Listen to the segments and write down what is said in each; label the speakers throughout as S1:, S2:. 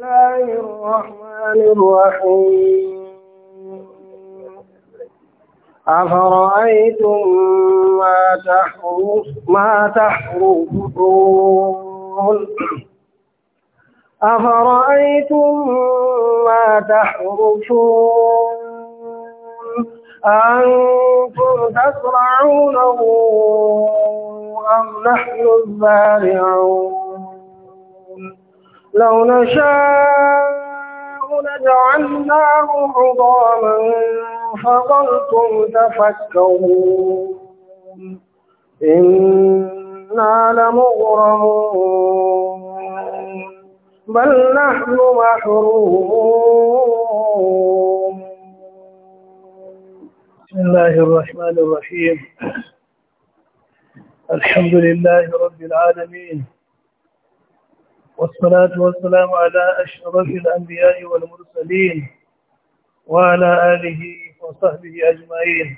S1: الله الرحمن الرحيم أفرأيتم ما تحرث ما تحرثون أفرأيتم ما تحرثون أنتم تزرعونه أم نحن الزارعون لو نشاء لجعلناه عظاما فظلتم تفكرون إنا لمغرمون بل نحن محرومون
S2: بسم الله الرحمن الرحيم الحمد لله رب العالمين والصلاة والسلام على أشرف الأنبياء والمرسلين وعلى آله وصحبه أجمعين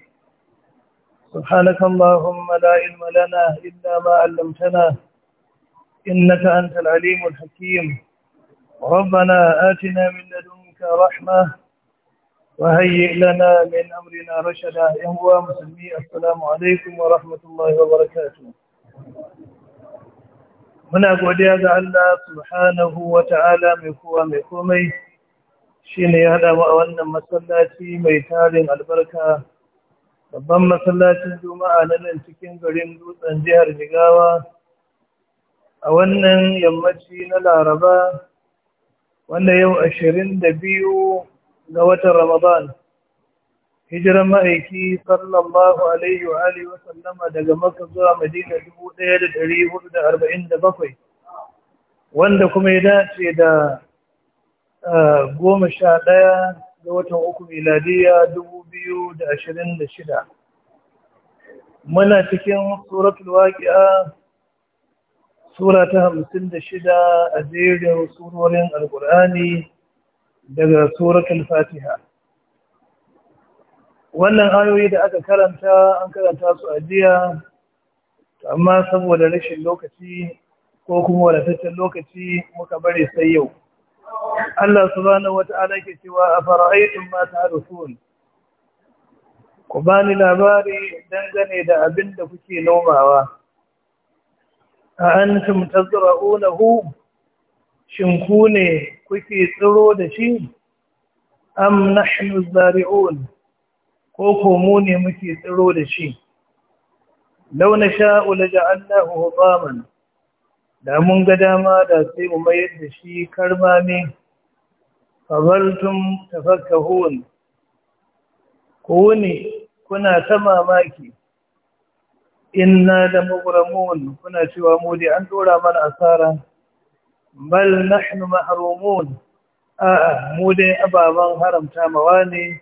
S2: سبحانك اللهم لا علم لنا إلا ما علمتنا إنك أنت العليم الحكيم ربنا آتنا من لدنك رحمة وهيئ لنا من أمرنا رشدا يا مسلمي السلام عليكم ورحمة الله وبركاته muna godiya ga Allah subhanahu wa ta'ala mai kowa mai komai shi ne ya haɗa a wannan masallaci mai tarin albarka babban masallacin juma'a na nan cikin garin dutsen jihar jigawa a wannan yammaci na laraba wanda yau ashirin da biyu ga watan ramadan hijiran ma'aiki sallallahu alaihi wa alihi wa sallama daga maka zuwa Madina 1447 wanda kuma ya dace da goma sha ɗaya ga watan uku miladiya 2026 muna cikin suratul surata sura ta 56 a jerin surorin alqur'ani daga suratul fatiha wannan ayoyi da aka karanta an karanta su a jiya amma saboda rashin lokaci ko kuma wadataccen lokaci muka bari sai yau Allah subhanahu wata'ala ke cewa a fara'aitun ma ta'rifun ku bani labari dangane da abin da kuke nomawa a antum hu? shin ku ne kuke tsiro da shi am nahnu zari'un ko ko mu ne muke tsiro da shi law nasha'u laja'alnahu hutaman da mun ga dama da sai mu mayar da shi karmami fabaltum tafakkahun ku ne kuna ta mamaki inna da mugramun kuna cewa mu dai an dora mana asara bal nahnu mahrumun a mu dai ababan haramta mawa ne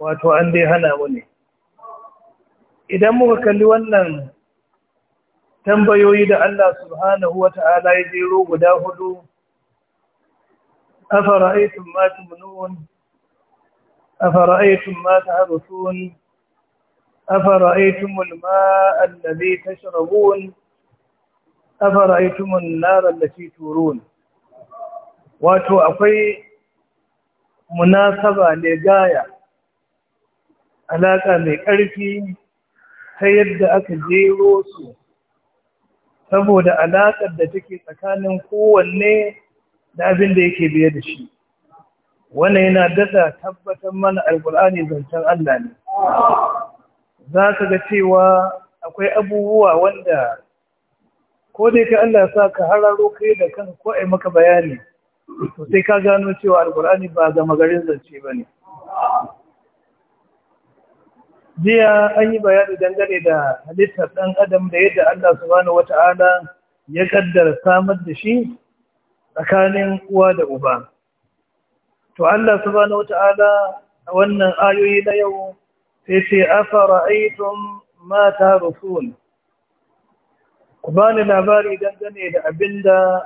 S2: wato an dai hana mu ne idan muka kalli wannan tambayoyi da Allah subhanahu wa ta'ala ya jero guda hudu
S1: afara'aytum
S2: ma tumnun
S1: afara'aytum
S2: ma ta'rusun
S1: afara'aytum
S2: al-ma'a alladhi tashrabun afara'aytum an-nar allati turun wato akwai munasaba ne gaya alaƙa mai ƙarfi ta yadda aka jero su saboda alaƙar da take tsakanin kowanne da abin da yake biye da shi wannan yana dada tabbatar mana alƙulani zancen Allah ne za ka ga cewa akwai abubuwa wanda ko dai ka Allah sa ka hararo kai da kan ko ai maka bayani to sai ka gano cewa alƙulani ba gama garin zance ba ne jiya an yi bayani dangane da halittar ɗan adam da yadda Allah subhanahu wata'ala ya kaddara samar da shi tsakanin uwa da uba to Allah subhanahu wata'ala a wannan ayoyi na yau sai ce aitum ma tarufun ku bani labari dangane da abinda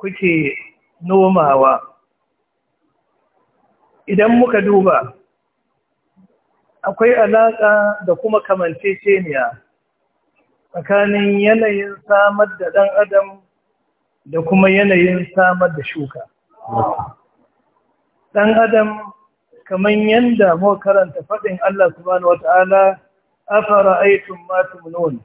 S2: kuke nomawa idan muka duba akwai alaƙa da kuma kamance ceniya. tsakanin yanayin samar da ɗan adam da kuma yanayin samar da shuka ɗan adam kamar yadda mu karanta faɗin Allah subhanahu wata'ala fara aikin matu nun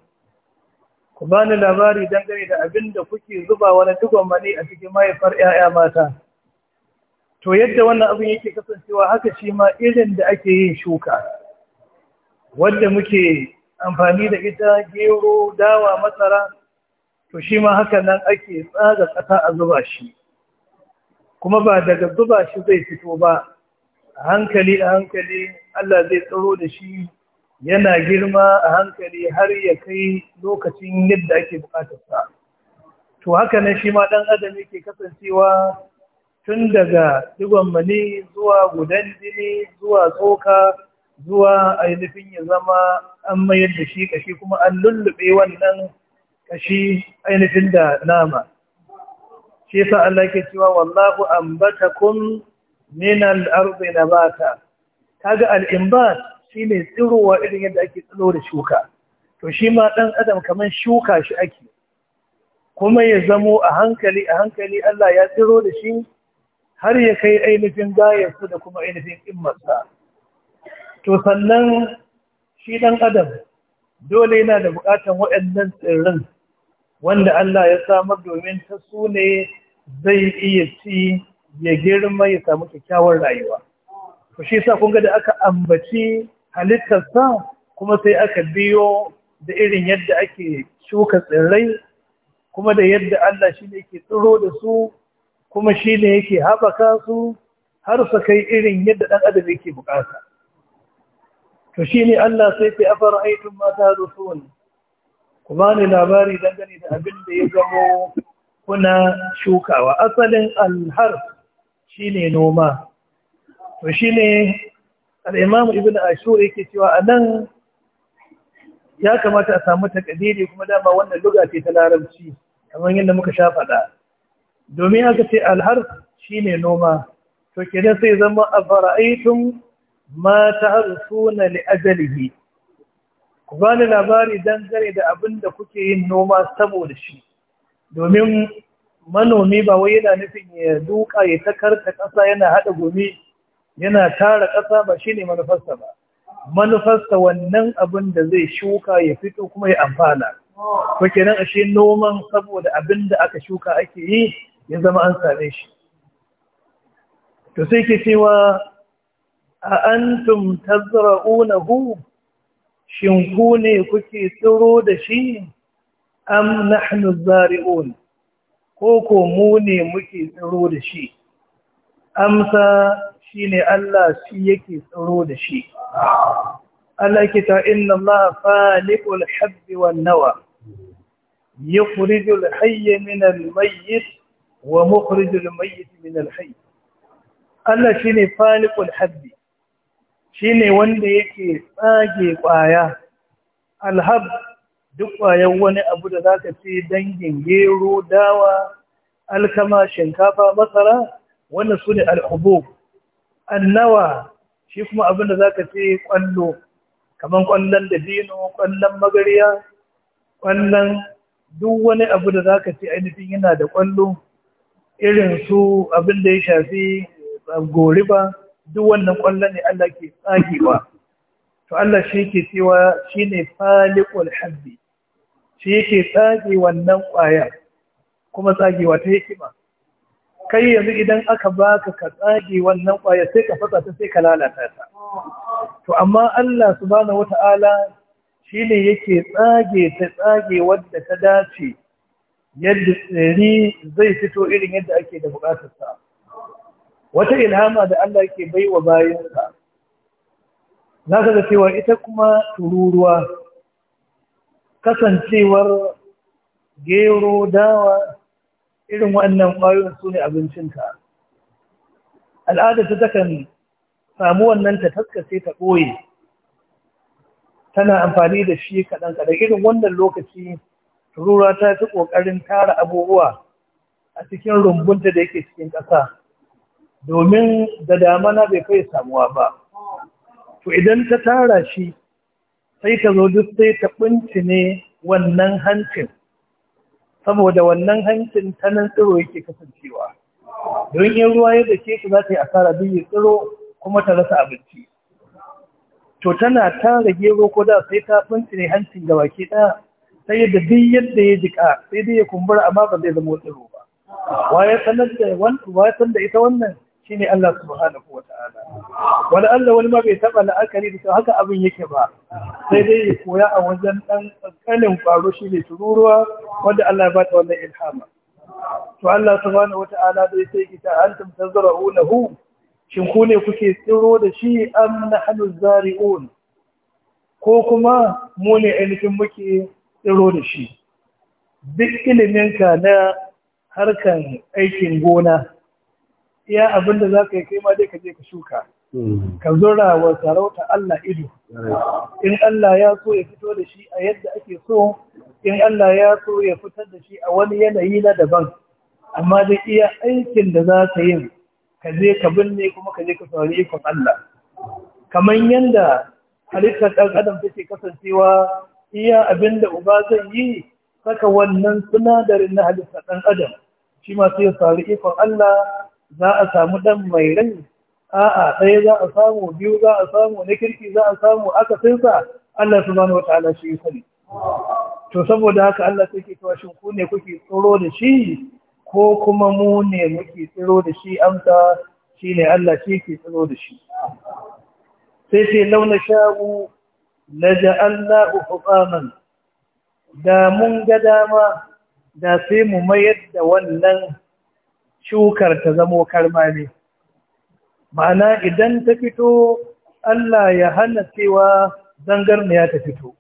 S2: ku bani labari don dangane da abin da kuke zuba wani digon mani a cikin mahaifar 'ya'ya mata to yadda wannan abin yake kasancewa haka shi ma irin da ake yin shuka wadda muke amfani da ita gero dawa matsara to shi ma haka nan ake tsaga ƙasa a zuba shi kuma ba daga zuba shi zai fito ba a hankali a hankali Allah zai tsaro da shi yana girma a hankali har ya kai lokacin yadda ake bukatarsa to haka nan shi ma ɗan adam yake kasancewa tun daga digon mani zuwa gudan jini zuwa tsoka zuwa ainihin ya zama an mayar da shi kashi kuma an lullube wannan kashi ainihin da nama shi sa Allah ke cewa wallahu ambatakum min al-ardi ta ga al-imbat shine tsirowa irin yadda ake tsiro da shuka to shi ma dan adam kamar shuka shi ake kuma ya zamo a hankali a hankali Allah ya tsiro da shi har ya kai ainihin gayarsa da kuma ainihin immarsa to sannan shi ɗan adam dole yana da buƙatar waɗannan tsirrin wanda Allah ya samar domin ta su ne zai iya ci ya girma ya samu kyakkyawar rayuwa. Ku shi sa kunga da aka ambaci halittarsa kuma sai aka biyo da irin yadda ake shuka tsirrai kuma da yadda Allah shi ne ke tsiro da su kuma shi ne yake haɓaka su har su kai irin yadda ɗan adam yake buƙata. to ne Allah sai ce afara'aytum mata tahduthun ku ni labari dangane da abin da ya zamo kuna shukawa asalin alhar ne noma to ne
S1: al-imam ibnu
S2: ashur yake cewa anan ya kamata a samu takadiri kuma dama wannan luga ce ta larabci kamar yadda muka sha faɗa domin aka ce alhar shine noma to kenan sai zama afara'aytum ma ta'rifuna li ajalihi ku bani labari dangane da abin da kuke yin noma saboda shi domin manomi ba wai yana nufin ya duka ya ta ƙasa yana haɗa gumi yana tara ƙasa ba shine manufarsa ba manufarsa wannan abin da zai shuka ya fito kuma ya amfana ko kenan ashe noman saboda abin da aka shuka ake yi ya zama an same shi to sai ke cewa a antum tazra'unahu shin ku ne kuke tsiro da shi am nahnu zari'un ko ko mu ne muke tsiro da shi amsa shine Allah shi yake tsiro da shi Allah ke ta inna Allah faliqul habbi wan nawa yukhrijul hayya min al-mayyit wa mukhrijul mayyit min al-hayy Allah shine faliqul habbi Shi ne wanda yake tsage ƙwaya alhab duk ƙwayan wani abu da za ka ce dangin gero dawa alkama shinkafa masara wannan su ne alhubu annawa shi kuma abin da za ka ce ƙwallo kamar ƙwallon dabino ƙwallon magariya ƙwallon duk wani abu da za ka ce ainihin yana da ƙwallo irin su abin da ya shafi eh, goriba duk wannan ƙwallon ne Allah ke tsagewa to Allah shi yake cewa shine faliqul habbi shi yake tsage wannan ƙwayar kuma tsagewa ta hikima kai yanzu idan aka baka ka tsage wannan ƙwayar sai ka fasa ta sai ka lalata ta to amma Allah subhanahu wata'ala shine yake tsage ta tsage wadda ta dace yadda tsiri zai fito irin yadda ake da buƙatar sa wata ilhama da Allah ke bai wa bayansa na ka cewa ita kuma tururuwa kasancewar gero dawa irin wannan ƙwayoyin su ne abincinta al'ada ta takan samu wannan ta taskace ta ɓoye tana amfani da shi kaɗan-kaɗan irin wannan lokaci tururuwa ta fi ƙoƙarin tara abubuwa a cikin rumbunta da yake cikin ƙasa domin da damana bai kai samuwa ba to idan ta tara shi sai ta zo duk sai ta ne wannan hancin saboda wannan hancin ta nan tsiro yake kasancewa don yin ruwa yadda ke za ta yi asara duk yin tsiro kuma ta rasa abinci to tana tara gero ko da sai ta ne hancin ga baki ɗaya sai yadda duk yadda ya jika sai dai ya kumbura amma ba zai zama tsiro ba wa ya sanar da ita wannan ne Allah subhanahu wata'ala wani Allah wani ma bai taba la'akari da haka abin yake ba sai dai ya koya a wajen ɗan ƙanƙanin faru shi ne tururuwa wanda Allah ya bata wannan ilhama to Allah subhanahu ala dai sai ita hula hu, shin ku ne kuke tsiro da shi hannu zari zari'un ko kuma mu ne ainihin muke tsiro da shi duk iliminka na harkan aikin gona iya abin da za ka yi kai ma dai ka je ka shuka ka zura wa sarauta Allah ido in Allah ya so ya fito da shi a yadda ake so in Allah ya so ya fitar da shi a wani yanayi na daban amma dai iya aikin da za ka yi ka je ka binne kuma ka je ka saurari ikon Allah kamar yadda
S1: halittar ɗan adam
S2: take kasancewa iya abin da uba zai yi saka wannan sinadarin na halittar ɗan adam shi ma sai ya saurari ikon Allah za a samu ɗan mai rai a'a ɗaya za a samu biyu za a samu na kirki za a samu aka sinsa Allah wata ala shi sani to saboda haka Allah sai ke cewa shin ku ne kuke tsoro da shi ko kuma mu ne muke tsoro da shi amsa ne Allah shi ke tsoro da shi sai ce launa sha'u laja'allahu hutaman da mun ga dama da sai mu mayar da wannan shukar ta zamo karma ne ma'ana idan ta fito Allah ya hana cewa ya ta fito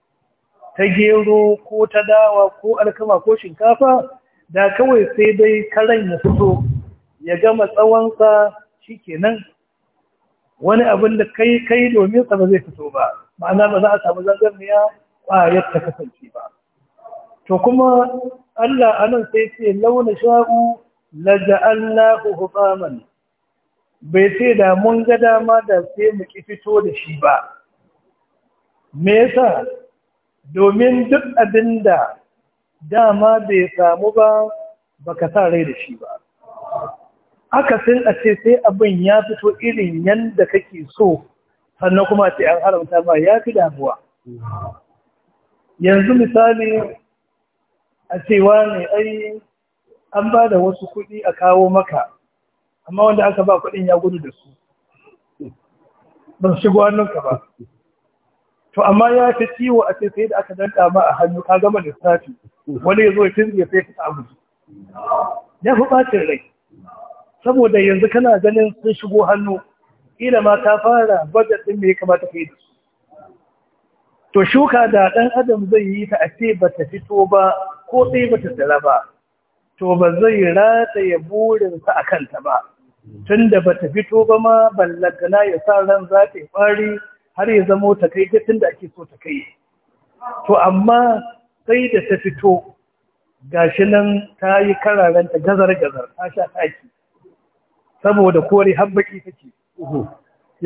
S2: ta gero ko ta dawa ko alkama ko shinkafa da kawai sai dai karan ya fito ya gama tsawonsa shikenan wani abin da kai kai domin sa ba zai fito ba ma'ana ba za a samu ya ƙwayar ta kasance ba to kuma Allah anan sai ce launa sha'u laja'alnahu hufaman bai ce da mun ga dama da sai mu ki fito da shi ba me yasa domin duk abinda dama bai samu ba baka sa rai da shi ba aka sun a ce sai abin ya fito irin yanda kake so sannan kuma ce an haramta ma ya fi damuwa yanzu misali a cewa ne ai an ba da wasu kuɗi a kawo maka amma wanda aka ba kuɗin ya gudu da su ban shigo hannunka ba to amma ya fi ciwo a sai da aka danta ma a hannu ka gama lissafi wani ya zo ya tinge sai ka samu ya fi ɓacin rai saboda yanzu kana ganin sun shigo hannu ƙila ma ta fara budget ɗin me ya kamata kai da su to shuka da ɗan adam zai yi ta a ce bata fito ba ko sai bata ta tsira ba to ba zai ya burinsa a kanta ba tun da ba ta fito ba ma ballagana ya sa ran za ta fari har ya zamo ta kai tun da ake so ta kai to amma sai da ta fito gashi nan ta yi kararen ta gazar-gazar ta sha taki saboda kore har baki ce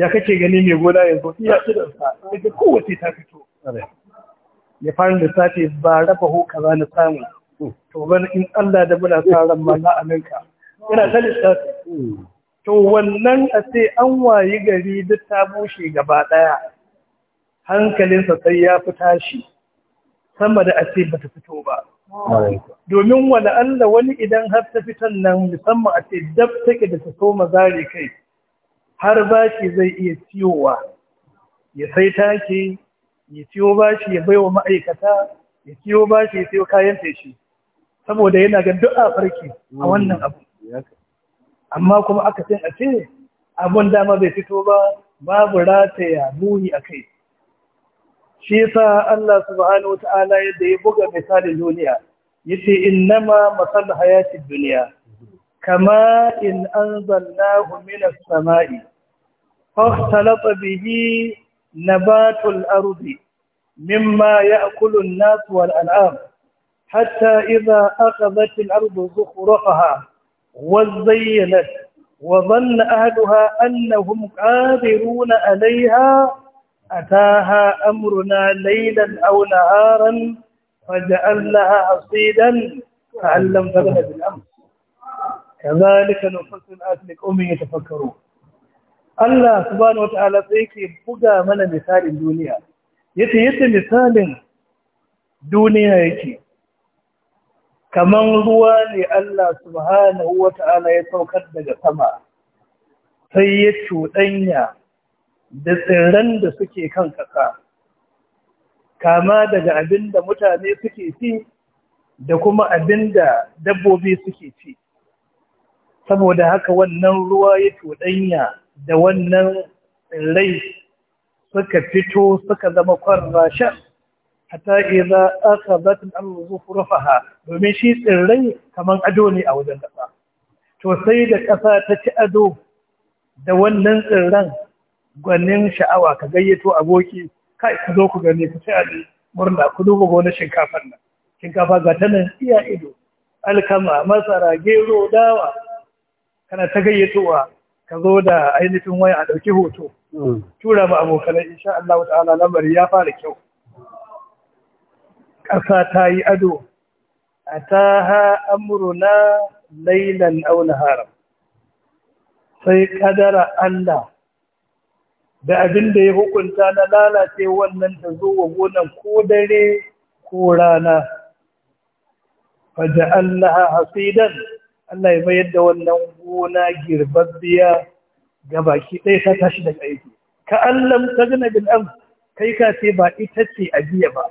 S2: ya kace gani mai gona yanzu iya irinsa kowace ta fito ya fara lissafi ba raba ho kaza na samu to in Allah da muna sa ran ma na aminka ina ta
S1: lissafi
S2: to wannan a ce an wayi gari duk ta bushe gaba daya hankalinsa sai ya fi tashi sama da a ce bata fito ba domin wani Allah wani idan har ta fitan nan musamman a ce dab take da ta so mazari kai har bashi zai iya ciyowa ya sai take ya ciyo bashi ya baiwa ma'aikata ya ciyo bashi ya sayo kayan feshi saboda yana ga duk a farki a wannan abu amma kuma aka sin a ce abun dama bai fito ba babu rataya muni a kai shi yasa Allah subhanahu wata'ala yadda ya buga misalin duniya yace innama masal hayatid duniya kama in anzalnahu minas samai nabatul به نبات a مما nas wal an'am حتى إذا أخذت الأرض زخرفها وزينت وظن أهلها أنهم قادرون عليها أتاها أمرنا ليلا أو نهارا فجعلناها حصيدا فعلم فلها بالأمر كذلك نفصل الآيات لقوم يتفكرون الله سبحانه وتعالى سيكي بقى من مثال الدنيا duniya yace yadda دنيا duniya kaman ruwa ne Allah subhanahu wa ta'ala ya saukar daga sama sai ya cuɗanya da tsirran da suke kan ƙasa kama daga abin da mutane suke ci da kuma abin da dabbobi suke ci saboda haka wannan ruwa ya cuɗanya da wannan tsirrai suka fito suka zama kwarrashen hatta idza ta al-ardu rufaha, domin shi tsirrai kamar ado ne a wajen kasa to sai da ƙasa ta ci ado da wannan tsirran gwanin sha'awa ka gayyato aboki kai ku zo ku gani ku ado murna ku duba gonar shinkafar nan shinkafa ga ta nan iya ido alkama masara gero dawa kana ta gayyatowa ka zo da ainihin waya a ɗauki hoto hmm. tura ma abokanai insha Allah ta'ala lamari ya fara kyau ƙasa ta yi ado a ta ha na lailan auna haram sai ƙadara Allah da abin da ya hukunta na lalace wannan ta zo wa gonan ko dare ko rana faja Allah hasidan Allah ya bayar da wannan gona girbabbiya ga baki ɗaya ta tashi daga aiki ka allam ta gina bil'am kai ka ce ba ita ce a jiya ba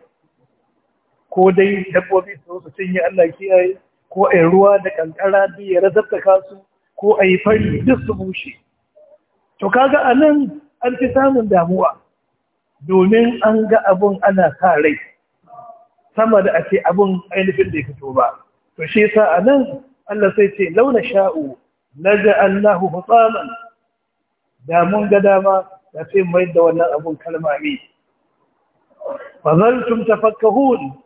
S2: ko dai dabbobi su su cinye Allah kiyaye ko a ruwa da kankara da ya razabtaka su ko a yi fari duk su bushe to kaga a nan an fi samun damuwa domin an ga abun ana sa rai sama da a abun ainihin da ya fito ba to shi yasa a nan Allah sai ce launa sha'u naja'allahu hutaman da mun ga dama da sai mai da wannan abun kalma ne zaltum tafakkahun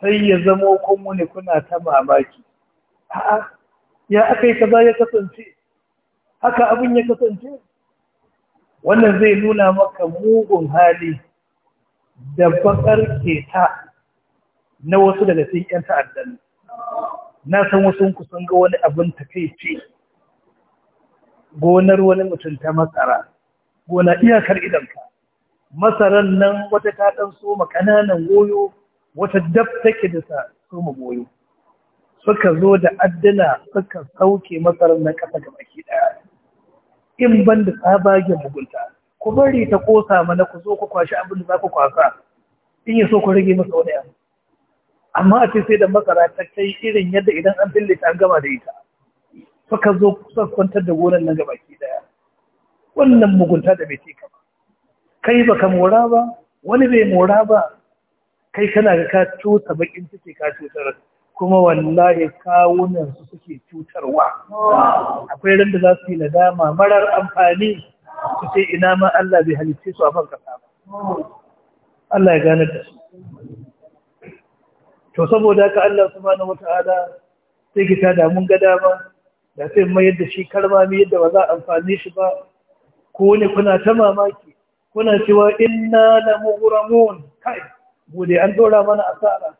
S2: sai ya zamo kunmu ne kuna ta mamaki a'a ya aka kaza ya kasance haka abin ya kasance wannan zai nuna maka mugun hali da bakar keta na wasu daga cikin ta'addan na san wasu ku kusan ga wani abin takaici gonar wani mutum ta masara gona iyakar idanka masaran nan wata ta ɗan soma ƙananan goyo wata dab take da sa soma magoyi suka zo da addana suka sauke matsalar na ƙasa ga baki ɗaya in ban da tsabagen mugunta ku bari ta kosa mana ku zo ku kwashi abin da za ku kwasa in ya so ku rage masa wani abu amma a ce sai da masara ta kai irin yadda idan an fille ta an gama da ita suka zo kusa kwantar da gonar nan ga baki daya wannan mugunta da bai ce ka ba kai baka mora ba wani bai mora ba kai kana ga ka tuta bakin
S1: suke ka cutar
S2: kuma wallahi kawunan su suke cutarwa akwai ran da za su yi nadama marar amfani su ce ina ma Allah bai halicce su a kan kasa ba Allah ya gane da su to saboda haka Allah subhanahu wata'ala sai ki ta mun ga dama da sai mayar da shi karmami yadda ba za a amfani shi ba ko ne kuna ta mamaki kuna cewa inna la kai bude an dora mana asara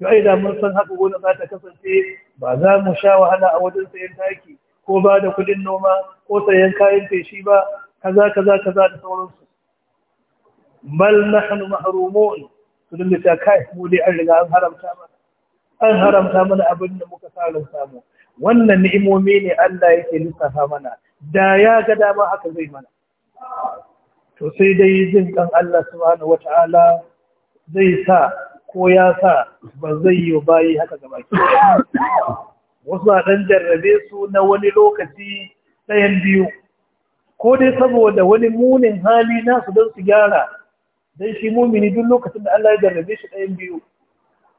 S1: to ai da mun san
S2: haka gona za ta kasance ba za mu sha wahala a wajen sayan taki ko ba da kudin noma ko sayan kayan feshi ba kaza kaza kaza da sauransu bal nahnu mahrumun to dinga ta kai mu dai an riga an haramta mana an haramta mana abin da muka sa samu wannan ni'imomi ne Allah yake lissafa mana da ya ga dama haka zai mana to sai dai jin kan Allah subhanahu wata'ala zai sa ko ya sa ba zai yi bayi haka gaba ke wasu a ɗan jarrabe su na wani lokaci ɗayan biyu ko dai saboda wani munin hali nasu don su gyara don shi mumini duk lokacin da Allah ya jarrabe shi ɗayan biyu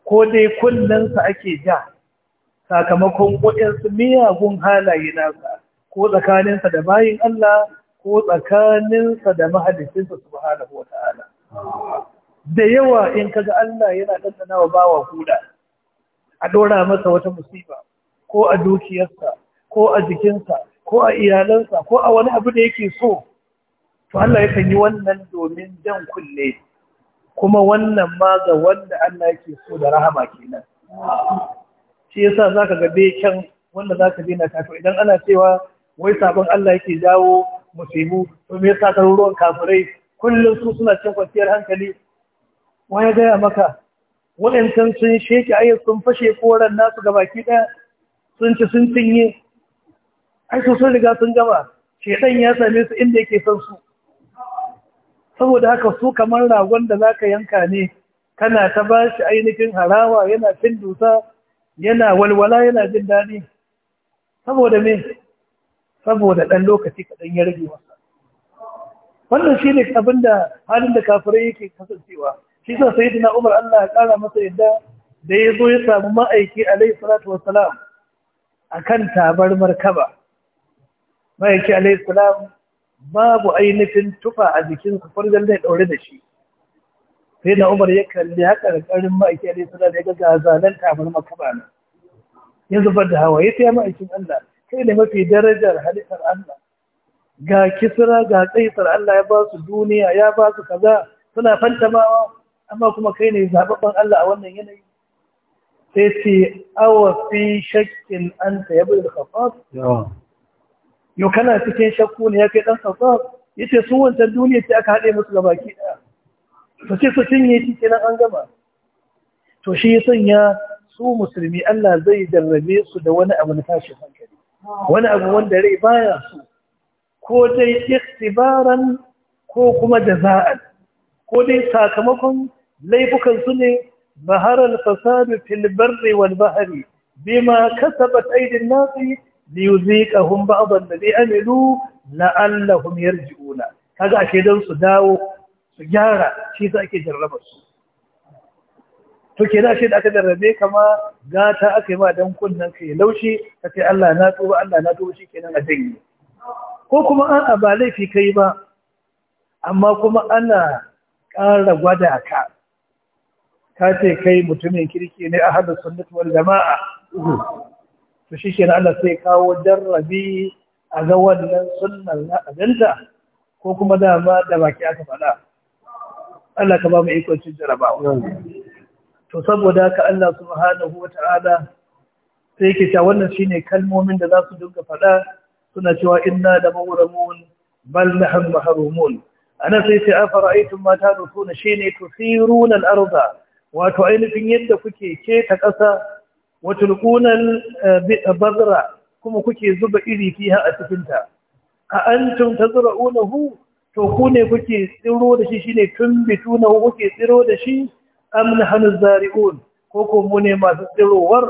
S2: ko dai kullansa ake ja sakamakon waɗansu miyagun halaye nasa ko tsakaninsa da bayin Allah ko tsakaninsa da su mahalicinsa ko ta'ala? da yawa in kaga Allah yana ɗanɗana wa bawa kuda a ɗora masa wata musiba ko a dukiyarsa ko a jikinsa ko a iyalansa ko a wani abu da yake so to Allah yakan yi wannan domin jan kulle kuma wannan ma ga wanda Allah yake so da rahama kenan shi yasa zaka ga bai kyan wanda zaka daina kafa idan ana cewa wai sabon Allah yake jawo musibu to me yasa ka ruwan kafirai kullum su suna cin kwanciyar hankali ya gaya maka waɗancan sun sheke ayi sun fashe koren nasu ga baki ɗaya sun ci sun cinye ai su sun riga sun gaba shedan ya same su inda yake son su saboda haka su kamar ragon da zaka yanka ne kana ta bashi ainihin harawa yana cin dusa yana walwala yana jin daɗi saboda me saboda ɗan lokaci kaɗan ya rage masa wannan shi ne abin halin da kafirai yake kasancewa shi sa sayyidina Umar Allah ya kara masa yadda da ya zo ya samu ma'aiki alaihi salatu wassalam akan tabarmar kaba ma'aiki alaihi salam babu ainihin tufa a jikin farjan zai daure da shi sai na umar ya kalli haka karin ma'aiki alaihi salam ya ga tabarmar kaba ya zubar da hawa ya taya ma'aikin Allah kai ne mafi darajar halittar Allah ga kisra ga kaisar Allah ya ba su duniya ya ba su kaza suna fantamawa amma kuma kai ne zababban Allah a wannan yanayi sai ce awa fi shakkin an ta yabi da kafaf
S1: yau
S2: kana cikin shakku ne ya kai ɗan kafaf ya ce sun wancan duniya ce aka haɗe musu gabaki ɗaya su ce su cinye yi cikin an gama to shi ya sanya su musulmi Allah zai jarrabe su da wani abu na tashi hankali
S1: wani abu wanda
S2: rai baya su ko dai ikhtibaran ko kuma da jaza'an ko dai sakamakon laifukan su ne baharal fasadu fil barri wal bahri bima kasabat aydin nasi liyuziqahum ba'd alladhi amilu la'allahum yarji'una kaga ashe dan su dawo su gyara shi sa ake jarraba su to kenan ashe da aka jarrabe kama gata aka yi ma dan kunnan kai laushi kace Allah na tuba Allah na tuba kenan a danye ko kuma a'a ba laifi kai ba amma kuma ana ƙara gwada ka ka ce kai mutumin kirki ne a hada sunnatuwar jama'a to shi kenan Allah sai kawo jarrabi a ga wannan sunan na abinta ko kuma dama da baki aka faɗa Allah ka ba mu
S1: ikon cin jarabawa
S2: to saboda haka Allah subhanahu wa sai yake cewa wannan shine kalmomin da za su dinga faɗa suna cewa inna da mawramun bal nahnu mahrumun Ana sai sai afara'aytum ma tadrukuna shine tusiruna al-arda wato ainihin yadda kuke keta ƙasa wa tulquna al kuma kuke zuba iri fiha a cikin ta a antum tazra'unahu to ku ne kuke tsiro da shi shine tumbituna kuke tsiro da shi am nahnu zari'un ko ko mu ne masu tsirowar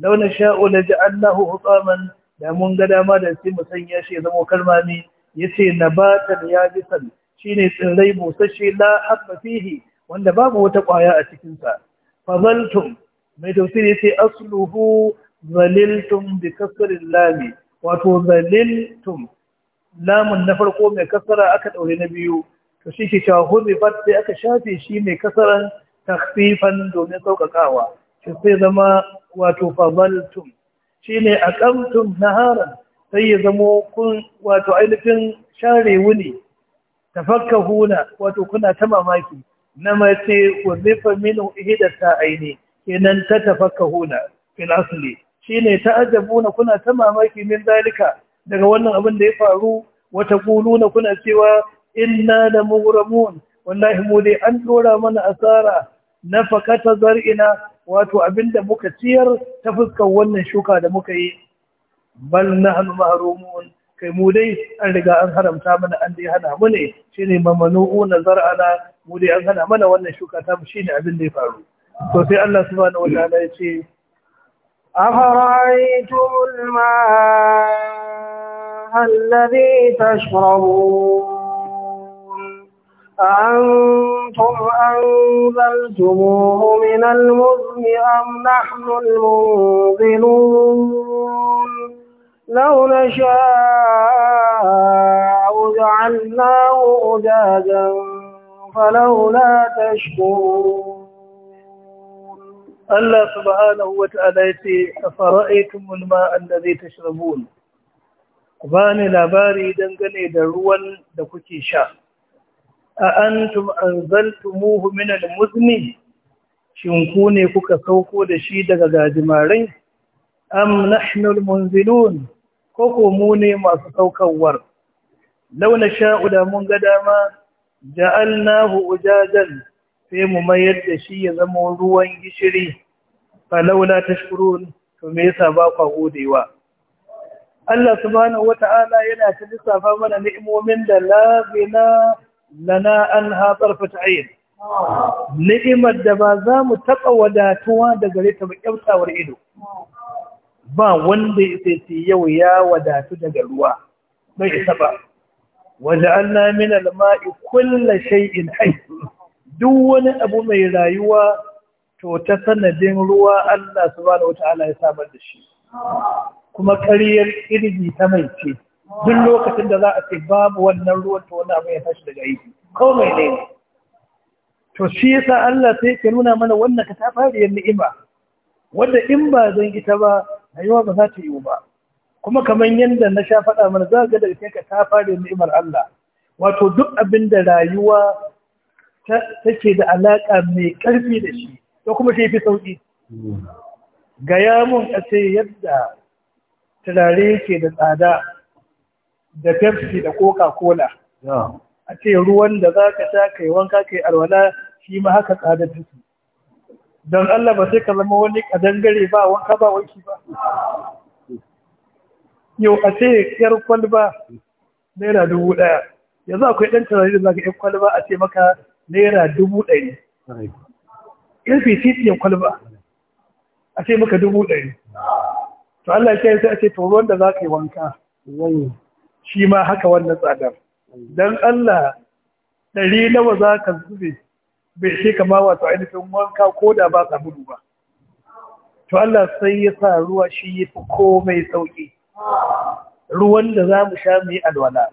S2: law nasha'u laj'alnahu hutaman da mun ga dama da sai mu sanya shi ya zama kalmami yace nabatan yabisan shine tsirrai busasshe la habba fihi wanda babu wata kwaya a cikin sa fazaltum mai tafsiri sai asluhu zaliltum bi kasri lami wato zaliltum lamun na farko mai kasara aka daure na biyu to shi ke cewa huzifat sai aka shafe shi mai kasaran taksifan domin saukakawa shi sai zama wato fazaltum shine aqamtum naharan sai ya zamo kun wato ainihin share wuni tafakkahuna wato kuna ta mamaki na mace wazifa minu ihidata aini kenan ta tafakkahuna fil asli shine na kuna ta mamaki min dalika? daga wannan abin da ya faru wata kuluna kuna cewa inna la mughramun wallahi mu dai an dora mana asara na fakata zar'ina wato abinda muka ciyar ta fuskar wannan shuka da muka yi bal nahnu mahrumun kai mu dai an riga an haramta mana an dai hana mu ne shine mamanu na zar'ana mu dai an hana mana wannan shuka ta mu abin da ya faru to sai Allah subhanahu wataala ya ce
S1: afara'aytumul ma'a alladhi tashrabun أأنتم أنزلتموه من المزن أم نحن المنزلون لو نشاء جعلناه أجاجا فلولا تشكرون
S2: الله سبحانه وتعالى أفرأيتم الماء الذي تشربون bani labari dangane da ruwan da kuke sha a antum anzaltumuhu min al shin ku ne kuka sauko da shi daga gajimarai am nahnu ko ko mu ne masu saukawar launa sha'u da mun ga dama ja'alnahu ujajan sai mu mayar da shi ya zama ruwan gishiri fa laula tashkurun to me yasa ba ku godewa Allah subhanahu wata'ala yana ta lissafa mana ni'imomin da labina lana an tarfa ta'in ni'imar da ba za mu taɓa wadatuwa daga gare ta ba kyautawar ido ba wanda ya yau ya wadatu daga ruwa bai isa ba Waje min al-ma'i kullu shay'in hayy duk wani abu mai rayuwa to ta sanadin ruwa Allah subhanahu wata'ala ya samar da shi kuma kariyar kirgi ta mai ce duk lokacin da za a ce babu wannan ruwan to wani abu ya tashi daga yi mai ne to shi yasa Allah sai ke nuna mana wannan katafariyar ni'ima wanda in ba zan ita ba rayuwa ba za ta yiwu ba kuma kamar yadda na sha faɗa mana za ga daga ka ta fara ni'imar Allah wato duk abin da rayuwa take da alaƙa mai ƙarfi da shi to kuma shi fi sauƙi gaya mun ƙasa yadda turare yake da tsada da pepsi da coca-cola a ce ruwan da za ka sha kai wanka kai alwala shi ma haka tsada take don Allah ba sai ka zama wani kadangare ba wanka ba wanki ba yau a ce yar kwalba naira dubu ɗaya yanzu akwai ɗan tarari da zaka yan kwalba a ce maka naira dubu ɗari titi fifitiyan kwalba a ce maka dubu ɗari to Allah ya sai a ce to ruwan da za ka yi wanka shi ma haka wannan tsadar don Allah ɗari nawa za ka zube bai shi kama wato ainihin wanka ko da ba sabulu ba to Allah sai ya sa ruwa shi ya fi komai sauƙi ruwan da za mu sha mu alwala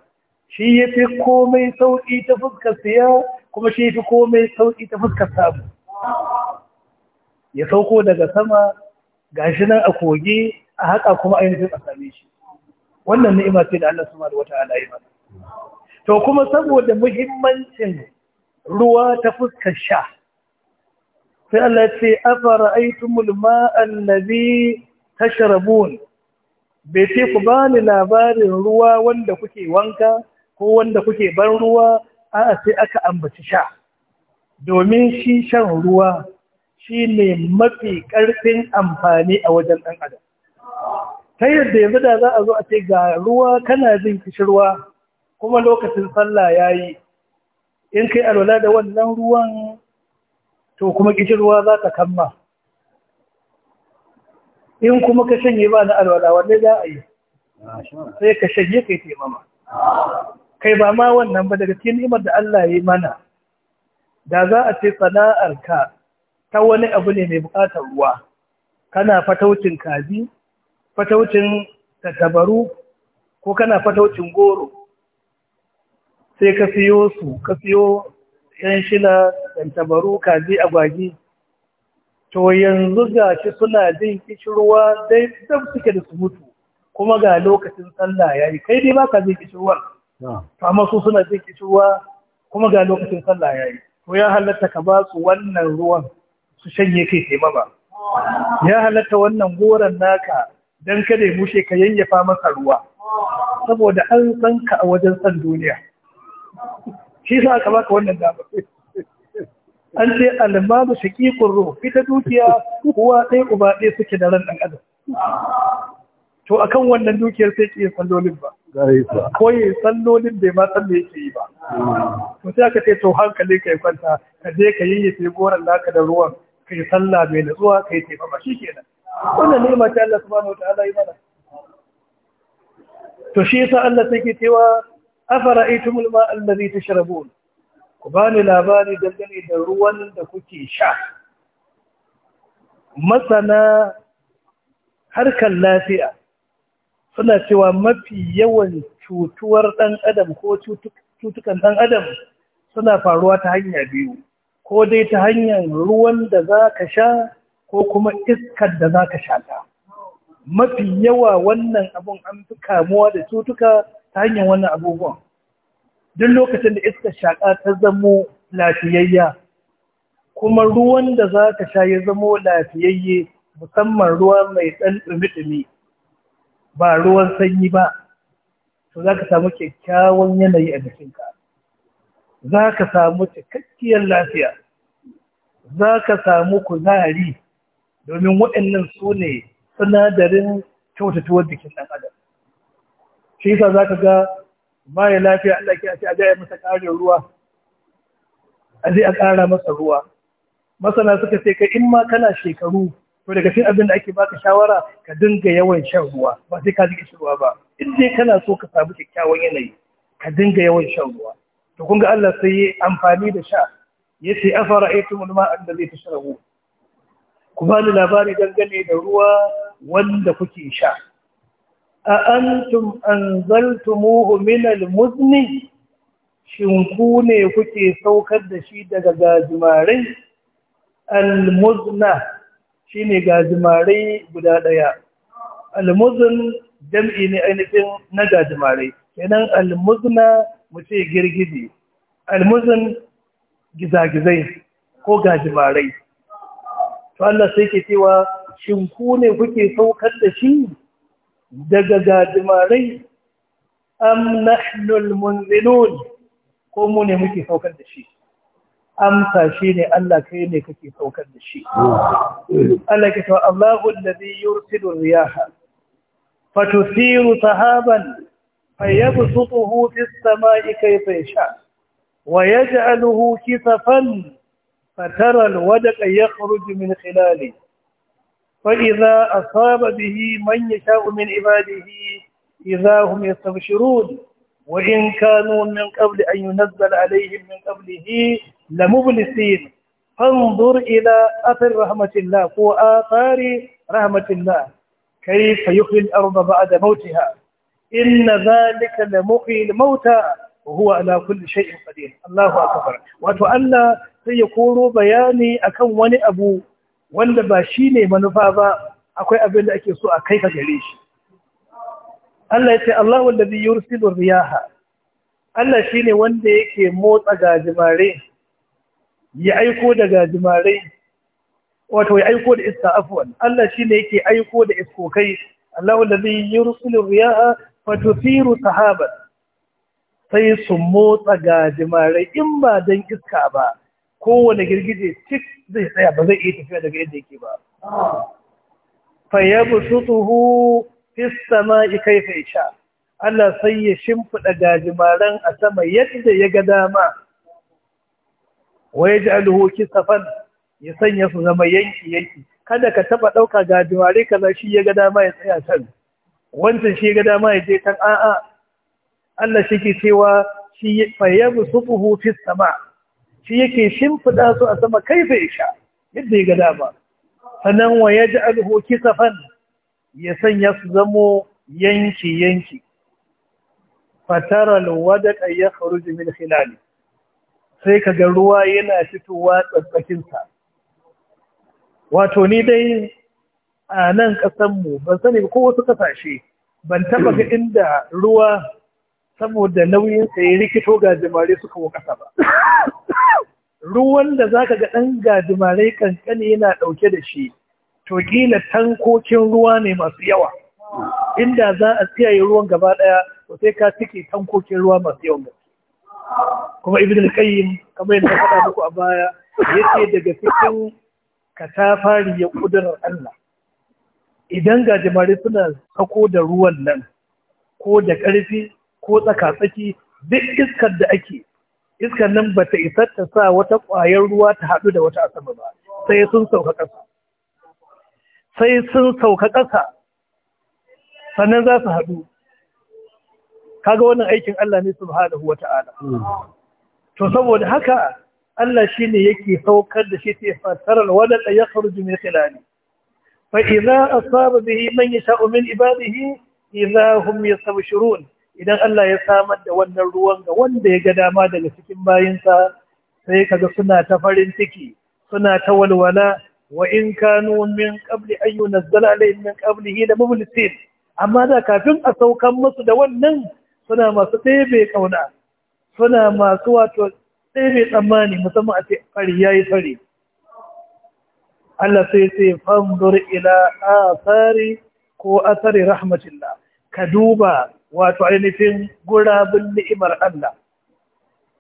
S2: shi ya fi komai sauƙi ta fuskar siya kuma shi ya fi komai sauƙi ta fuskar samu ya sauko daga sama gashi nan a kogi a haƙa kuma ainihin a same shi wannan ni'ima ce da Allah ma da wata ala'ima. to kuma saboda muhimmancin ruwa ta fuskar sha sai Allah ya ce afara aitumul ma'an ta sharabun bai ce ku ba ni labarin ruwa wanda kuke wanka ko wanda kuke ban ruwa a'a sai aka ambaci sha domin shi shan ruwa shi ne mafi ƙarfin amfani a wajen ɗan adam ta yadda yanzu da za a zo a ce ga ruwa kana jin kishirwa kuma lokacin sallah ya yi in kai alwala da wannan ruwan to kuma ruwa za ka kamma in kuma ka shanye ba na alwala wanda za a yi sai ka shanye kai taimama kai ba ma wannan ba daga cikin imar da Allah ya yi mana da za a ce ka ta wani abu ne mai bukatar ruwa kana fataucin kaji fataucin tattabaru ko kana fataucin goro sai ka siyo su ka siyo yan shila yan tabaru kaji agwagi to yanzu ga shi suna jin kishirwa dai dab suke da su mutu kuma ga lokacin sallah ya yi kai dai ka jin kishirwa to amma su suna jin kishirwa kuma ga lokacin sallah yi to ya halatta ka ba su wannan ruwan su shanye kai taimama ya halatta wannan goran naka don kada ya mushe ka yayyafa masa ruwa saboda an san ka a wajen san duniya shi sa aka baka wannan damar an ce almamu shaqiqur ruh ita dukiya kuwa ɗai uba ɗaya suke da ran ɗan adam to akan wannan dukiyar sai ke sallolin ba ko yi sallolin bai ma san me yake yi ba to sai aka ce to hankali kai kwanta ka je ka yayyafe goran naka da ruwan kai sallah mai nutsuwa kai tefa ba shikenan wannan ne ma ta Allah subhanahu wataala yi mana to shi yasa Allah sai ke cewa afara'aytum al-ma'a ta tashrabun ku bani labari dangane da ruwan da kuke sha masana harkar lafiya suna cewa mafi yawan cutuwar ɗan adam ko cutukan ɗan adam suna faruwa ta hanya biyu ko dai ta hanyar ruwan da za ka sha ko kuma iskar da za ka ta mafi yawa wannan abun an fi kamuwa da cutuka ta hanyar wannan abubuwan duk lokacin da iskar shaƙa ta zamo lafiyayya kuma ruwan da za ka sha ya zamo lafiyayye musamman ruwa mai ɗan ɗumi-ɗumi ba ruwan sanyi ba to za ka samu kyakkyawan yanayi a jikinka za ka samu cikakkiyar lafiya za ka samu kuzari domin waɗannan su ne sinadarin kyautatuwar jikin ɗan adam shi yasa ka ga mara lafiya Allah ke ce a ga masa ƙarin ruwa a zai a ƙara masa ruwa masana suka ce kai in ma kana shekaru to daga cikin abin da ake baka shawara ka dinga yawan shan ruwa ba sai ka dinga shan ruwa ba in dai kana so ka samu kyakkyawan yanayi ka dinga yawan shan ruwa to kun ga Allah sai ya amfani da sha ya ce a afara ma ma'an da zai ruwa ku bani ni labari dangane da ruwa wanda kuke sha a an tum an zaltumuhu minal muzni shinku ne kuke saukar da shi daga gajimarai almuzna shi ne gajimarai guda ɗaya almuzin jam’i ne ainihin na gajimarai yanan almuzna mu ce girgizi almuzin gizagizai ko gajimarai to Allah sai ke cewa shinku ne kuke saukar da shi daga gadimarai am nahnul munzilun ko mu ne muke saukar da shi amsa shi ne Allah kai ne kake saukar da shi Allah ke cewa Allahu alladhi yursilu riyaha Fatusiru sahaban fayabsutuhu fis samai kayfa yasha wa yaj'aluhu kisafan fatara al-wadqa min khilalihi فإذا أصاب به من يشاء من عباده إذا هم يستبشرون وإن كانوا من قبل أن ينزل عليهم من قبله لمبلسين فانظر إلى أثر رحمة الله وآثار رحمة الله كيف يحيي الأرض بعد موتها إن ذلك لمحيي الموتى وهو على كل شيء قدير الله أكبر وأتوأنى سيكون بياني أكون أبو wanda ba shi ne manufa ba akwai abin da ake so a kai ka gare shi Allah ya ce Allah wanda bi yursilu riyaha Allah shi ne wanda yake motsa gajimare ya aiko da gajimare wato ya aiko da iska afuwan, Allah shi ne yake aiko da iskokai Allah wanda bi yursilu riyaha fatuthiru sahaban sai su motsa gajimare in ba don iska ba kowane girgije cik zai tsaya ba zai iya tafiya daga yadda yake ba fa yabsutuhu fis sama'i kayfa yasha Allah sai ya shimfida gajimaran a sama yadda ya ga dama waye ja'aluhu kisafan ya sanya su zama yanki yanki kada ka taba dauka gajimare kaza shi ya ga dama ya tsaya can wancan shi ya ga dama ya je kan a'a Allah shi ke cewa shi fa yabsutuhu fis ma. shi yake shimfida su a sama kai bai sha yadda ya ga dama sannan wa alhoki safan ya sanya su zamo yanki yanki fatara alwadqa yakhruju min hilali sai kaga ruwa yana fitowa tsakakin wato ni dai a nan ƙasanmu ban sani ko wasu ƙasashe. ban taba ga inda ruwa saboda nauyinsa ya rikito ga jimare suka wa kasa ba ruwan da zaka ga ɗan gajimare kankani yana ɗauke da shi to kila tankokin ruwa ne masu yawa inda za a tsiyaye ruwan gaba ɗaya to sai ka cike tankokin ruwa masu yawan gaske kuma ibn al-qayyim kamar yadda faɗa muku a baya yace daga cikin katafari ya kudurar Allah idan gajimare suna sako da ruwan nan ko da ƙarfi ko tsaka-tsaki duk iskar da ake iskar nan bata isa ta sa wata ƙwayar ruwa ta haɗu da
S1: wata asama ba
S2: sai sun sauka ƙasa sai sun sauka ƙasa sannan za su haɗu kaga wannan aikin Allah ne subhanahu wata'ala to saboda haka Allah shine yake saukar da shi ta fasarar wanda ya kharuju min khilali fa idza asaba bihi man yasha'u min ibadihi idza hum yastabshirun idan Allah ya samar da wannan ruwan ga wanda ya ga dama daga cikin bayinsa sai ga suna ta farin ciki suna ta walwala wa in kanu min qabli an yunzala alayhim min qablihi la mublisin amma da kafin a saukan musu da wannan suna masu tsebe kauna suna masu wato tsebe tsammani musamman a ce fari yayi fari Allah sai sai fanzur ila asari ko asari rahmatillah ka duba wato ainihin gurabin ni'imar Allah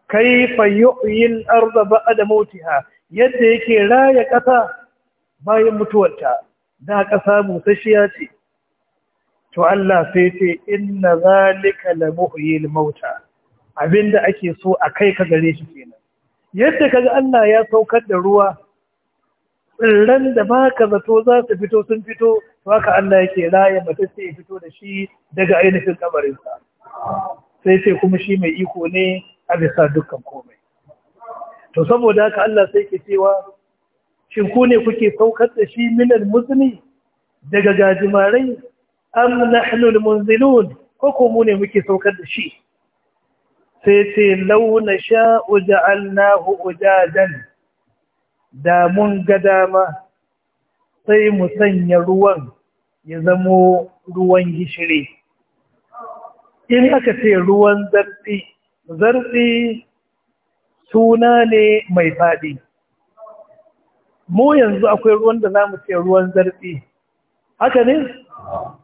S2: Kai kaifa yu'yil arda da mautiha yadda yake raya ƙasa bayan mutuwarta da ƙasa busasshiya ce to Allah sai ce inna zalika la muhyil mauta abinda ake so a kai ka gare shi kenan yadda kaga Allah ya saukar da ruwa tsirran da ba ka zato za su fito sun fito to haka Allah yake raya matacce ya fito da shi daga ainihin kamarinsa sai ce kuma shi mai iko ne a bisa dukkan komai to saboda haka Allah sai ke cewa shin ku ne kuke saukar da shi minal muzni daga gajimarai am nahnu almunzilun ko ko mu ne muke saukar da shi sai ce launa sha'u ja'alnahu ujadan. da mun ga dama sai mu sanya ruwan ya zamo ruwan gishiri in aka ce ruwan zarfi zarfi suna ne mai faɗi mu yanzu akwai ruwan da za mu ce ruwan zarfi haka ne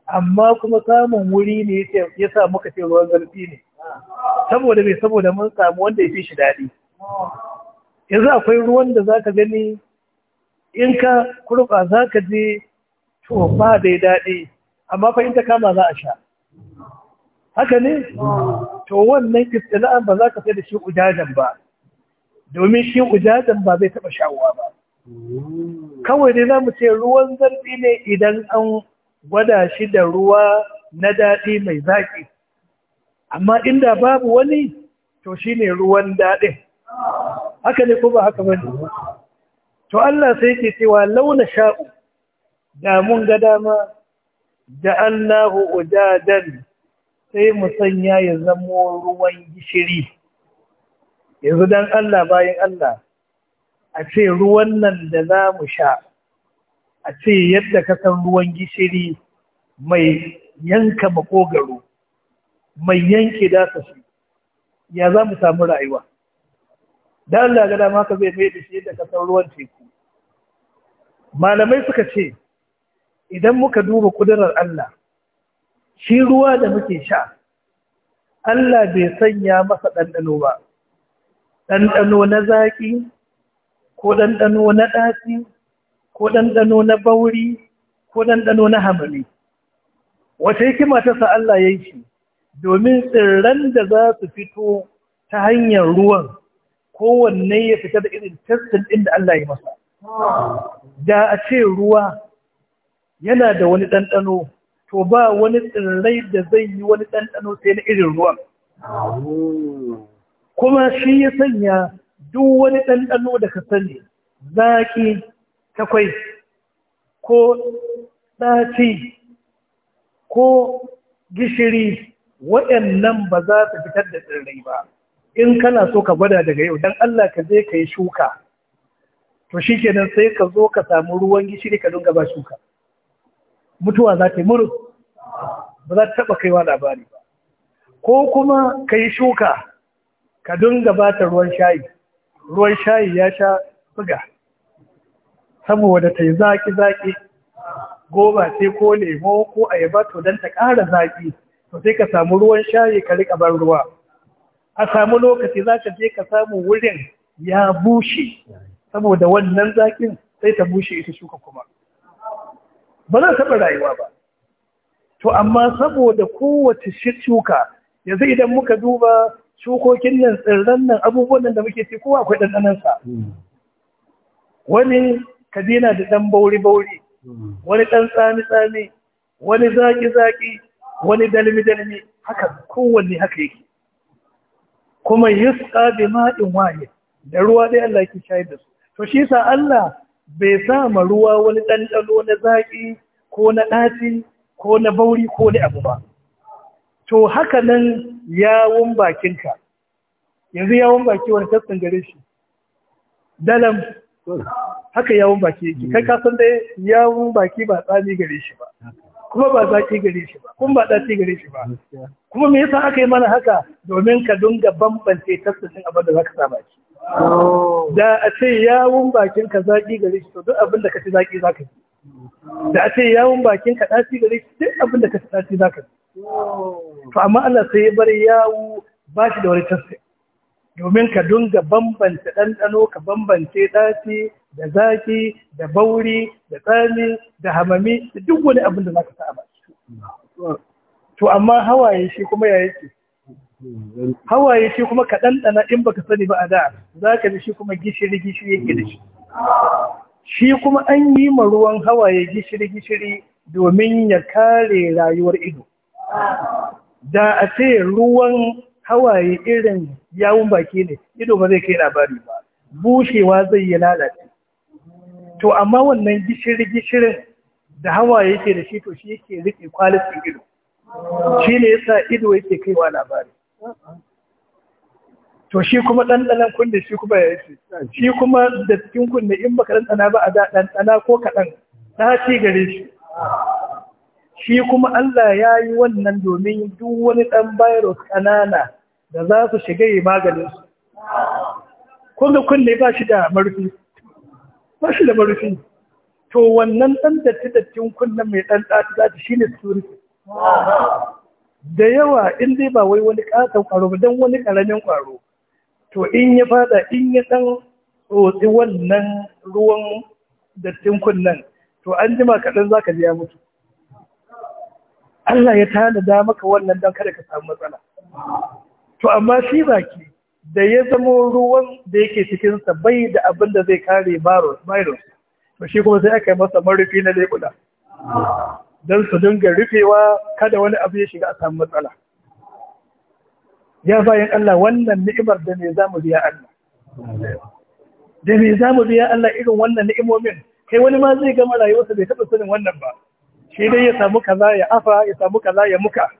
S2: amma kuma samun wuri ne ya sa muka ce ruwan zarfi ne saboda mai saboda mun samu wanda ya fi shi daɗi yanzu akwai ruwan da za ka gani in ka kurba za ka je tuwa ba ya daɗi amma fa in ta kama za a sha haka ne to wannan istila'an ba za ka sai da shi ujajen ba domin shi ujajen ba zai taɓa shawuwa ba kawai dai za mu ce ruwan zarfi ne idan an gwada shi da ruwa na daɗi mai zaƙi amma inda babu wani to shi ne ruwan daɗin haka ne ko ba haka ba ne to Allah sai yake cewa launa sha'u da mun ga dama da Allahu ujadan sai mu sanya ya zama ruwan gishiri yanzu dan Allah bayan Allah a ce ruwan nan da za mu sha a ce yadda ka san ruwan gishiri mai yanka makogaro mai yanke dasa shi ya za mu samu rayuwa da Allah ga dama ka zai mai da shi da kasar ruwan teku malamai suka ce idan muka duba kudurar Allah shi ruwa da muke sha Allah bai sanya masa ɗanɗano ba ɗanɗano na zaƙi ko ɗanɗano na ɗaci ko ɗanɗano na bauri ko ɗanɗano na hamali wata hikima ta sa Allah ya yi shi domin tsirran da za su fito ta hanyar ruwan kowanne ya fita da irin testin ɗin da Allah ya masa da a ce ruwa yana da wani ɗanɗano to ba wani tsirrai da zai yi wani ɗanɗano sai na irin ruwan kuma shi ya sanya duk wani ɗanɗano da ka sani zaƙi takwai ko ɗaci ko gishiri waɗannan ba za su fitar da
S1: tsirrai ba
S2: in kana so ka gwada daga yau don Allah ka zai ka yi shuka to shi nan sai ka zo ka samu ruwan gishiri ka dinga ba shuka mutuwa za ta yi murus ba za ta taba kaiwa labari ba ko kuma ka yi shuka ka dinga ba ta ruwan shayi ruwan shayi ya sha buga saboda ta yi zaki-zaki goma sai ko lemo ko ayaba to don ta ƙara zaƙi to sai ka samu ruwan shayi ka riƙa ban ruwa a samu lokaci za ka je ka samu wurin ya bushe saboda wannan zakin sai ta bushe ita shuka kuma ba za taɓa rayuwa ba to amma saboda kowace shuka yanzu idan muka duba shukokin nan tsirran nan abubuwan nan da muke ci kowa akwai ɗanɗanansa wani kadina da ɗan bauri-bauri wani ɗan tsami-tsami wani zaƙi-zaƙi wani dalmi-dalmi haka kowanne haka yake kuma yusqa ma'in wahid da ruwa dai Allah yake shayar da su to shi sa Allah bai sa ma ruwa wani ɗanɗano na zaki ko na ɗaci ko na bauri ko na abu ba to haka nan yawon bakinka yanzu yawon baki wani tattan gare shi dalam haka yawon baki yake kai kasan dai yawon baki ba tsami gare shi ba kuma ba zaki gare shi ba kuma ba dace gare shi ba kuma me yasa aka yi mana haka domin ka dunga bambance tasirin abin da zaka sa baki da a ce yawun bakin ka zaki gare shi to duk abin da ka ci zaki zaka yi da a ce yawun bakin ka dace gare shi duk abin da ka ci za zaka yi to amma Allah sai ya bar yawu ba shi da wani tasiri domin ka dunga bambanta ɗanɗano ka bambance ɗaci da zaki da bauri da tsami da hamami da duk wani abin da za ka sa a to amma hawaye shi kuma ya yake hawaye shi kuma ka ɗanɗana in baka sani ba a da za ka ji shi kuma gishiri gishiri yake da shi shi kuma an yi ma ruwan hawaye gishiri gishiri domin ya kare rayuwar ido da a ce ruwan hawaye irin yawun baki ne ido ba zai kai labari ba bushewa zai yi lalace to amma wannan gishiri gishirin da hawaye yake da shi to shi yake rike kwalitin ido shi ne ya sa ido yake kaiwa labari to shi kuma ɗanɗanan kunne shi kuma ya ce shi kuma da cikin kunne in baka ɗanɗana ba a da ɗanɗana ko kaɗan ɗaci gare shi shi kuma Allah ya yi wannan domin duk wani ɗan virus ƙanana da za su shiga yi maganin da Kunga kulle ba shi da marufi, ba shi da marufi. To wannan ɗan datti-dattin kunnen mai ɗan ɗati za ta shi ne security. Da yawa in dai ba wai wani ƙasa ƙwaro ba don wani ƙaramin ƙwaro. To in ya fada in ya ɗan tsotsi wannan ruwan dattin kunnen to an jima kaɗan za ka biya mutu. Allah ya tanada maka wannan don kada ka samu matsala to amma shi baki da ya zamo ruwan da yake cikinsa bai da abin da zai kare virus to shi kuma sai aka yi masa marufi na leɓuna don su dinga rufewa kada wani abu ya shiga a samu matsala ya bayan Allah wannan ni'imar da me zamu biya
S1: Allah
S2: da me zamu biya Allah irin wannan ni'imomin kai wani ma zai gama rayuwarsa bai taɓa sanin wannan ba shi dai ya samu kaza ya afa ya samu kaza ya muka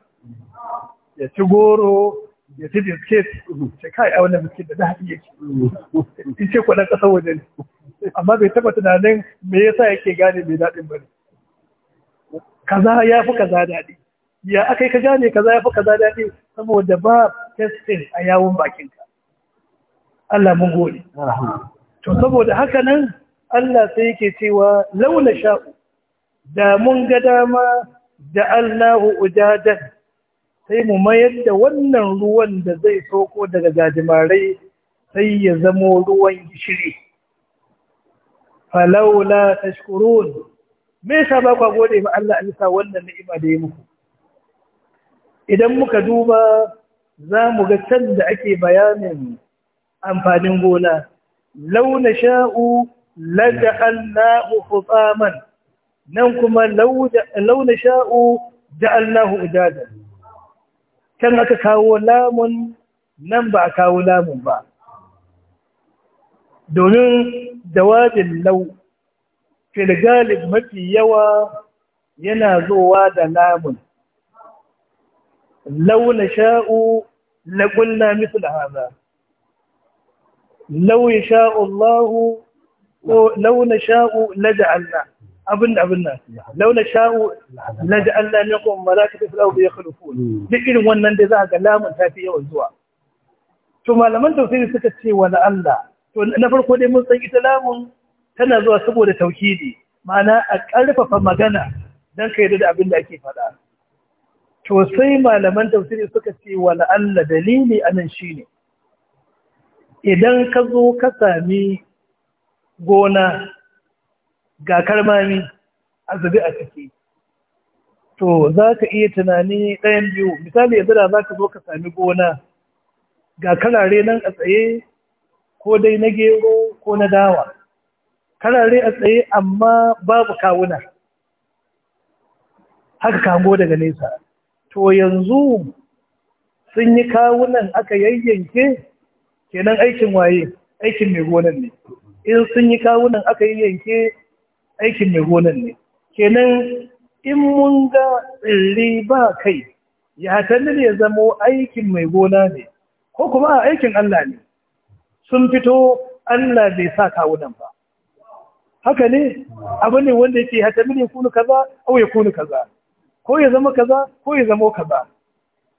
S2: ya ci goro ya ci biskit ce kai a wannan biskit da za a iya
S1: yake
S2: in ce kwanan ƙasa waje ne amma bai taɓa tunanin me yasa yake gane mai daɗin ba ne kaza ya fi kaza daɗi ya akai ka gane kaza ya fi kaza daɗi saboda ba testin a yawon bakinka Allah mun gode to saboda haka nan Allah sai yake cewa launa sha'u da mun ga dama da allahu ujadan sai mu mayar da wannan ruwan da zai soko daga gajimarai sai ya zamo ruwan gishiri falaula tashkurun me yasa ba ku gode ma Allah alisa wannan ni'ima da ya muku idan muka duba za mu ga can da ake bayanin amfanin gona launa sha'u la ja'alnahu hutaman nan kuma launa sha'u Allahu ujadan can aka kawo lamun nan ba a kawo lamun ba domin jawabin lau filgalib mafi yawa yana zowa da lamun launa sha'u na ƙunna misu da haza lau ya sha'u Allah launa sha'u na abin da abin nan launa sha'u na ji Allah ne kuma malaka ta filau ya khulufu duk irin wannan da za a ga lamun ta fi yawan zuwa to malaman tafsiri suka ce wa na Allah to na farko dai mun san ita lamun tana zuwa saboda tauhidi ma'ana a ƙarfafa magana dan ka yi da abin da ake faɗa to sai malaman tafsiri suka ce wa na Allah dalili anan shine idan ka zo ka sami gona ga karmami a zube a ciki to za ka iya tunani ɗayan biyu misali yanzu da za ka zo ka sami gona ga karare nan a tsaye ko dai na gero ko na dawa karare a tsaye amma babu kawuna haka kango daga nesa to yanzu sun yi kawunan aka yayyanke kenan aikin waye aikin mai gonan ne in sun yi kawunan aka yayyanke aikin mai gonan ne kenan in mun ga tsirri ba kai ya tanni ya zamo aikin mai gona ne ko kuma aikin Allah ne sun fito Allah bai sa kawunan ba haka ne abu ne wanda yake ya tanni ya kunu kaza au ya kunu kaza ko ya zama kaza ko ya zama kaza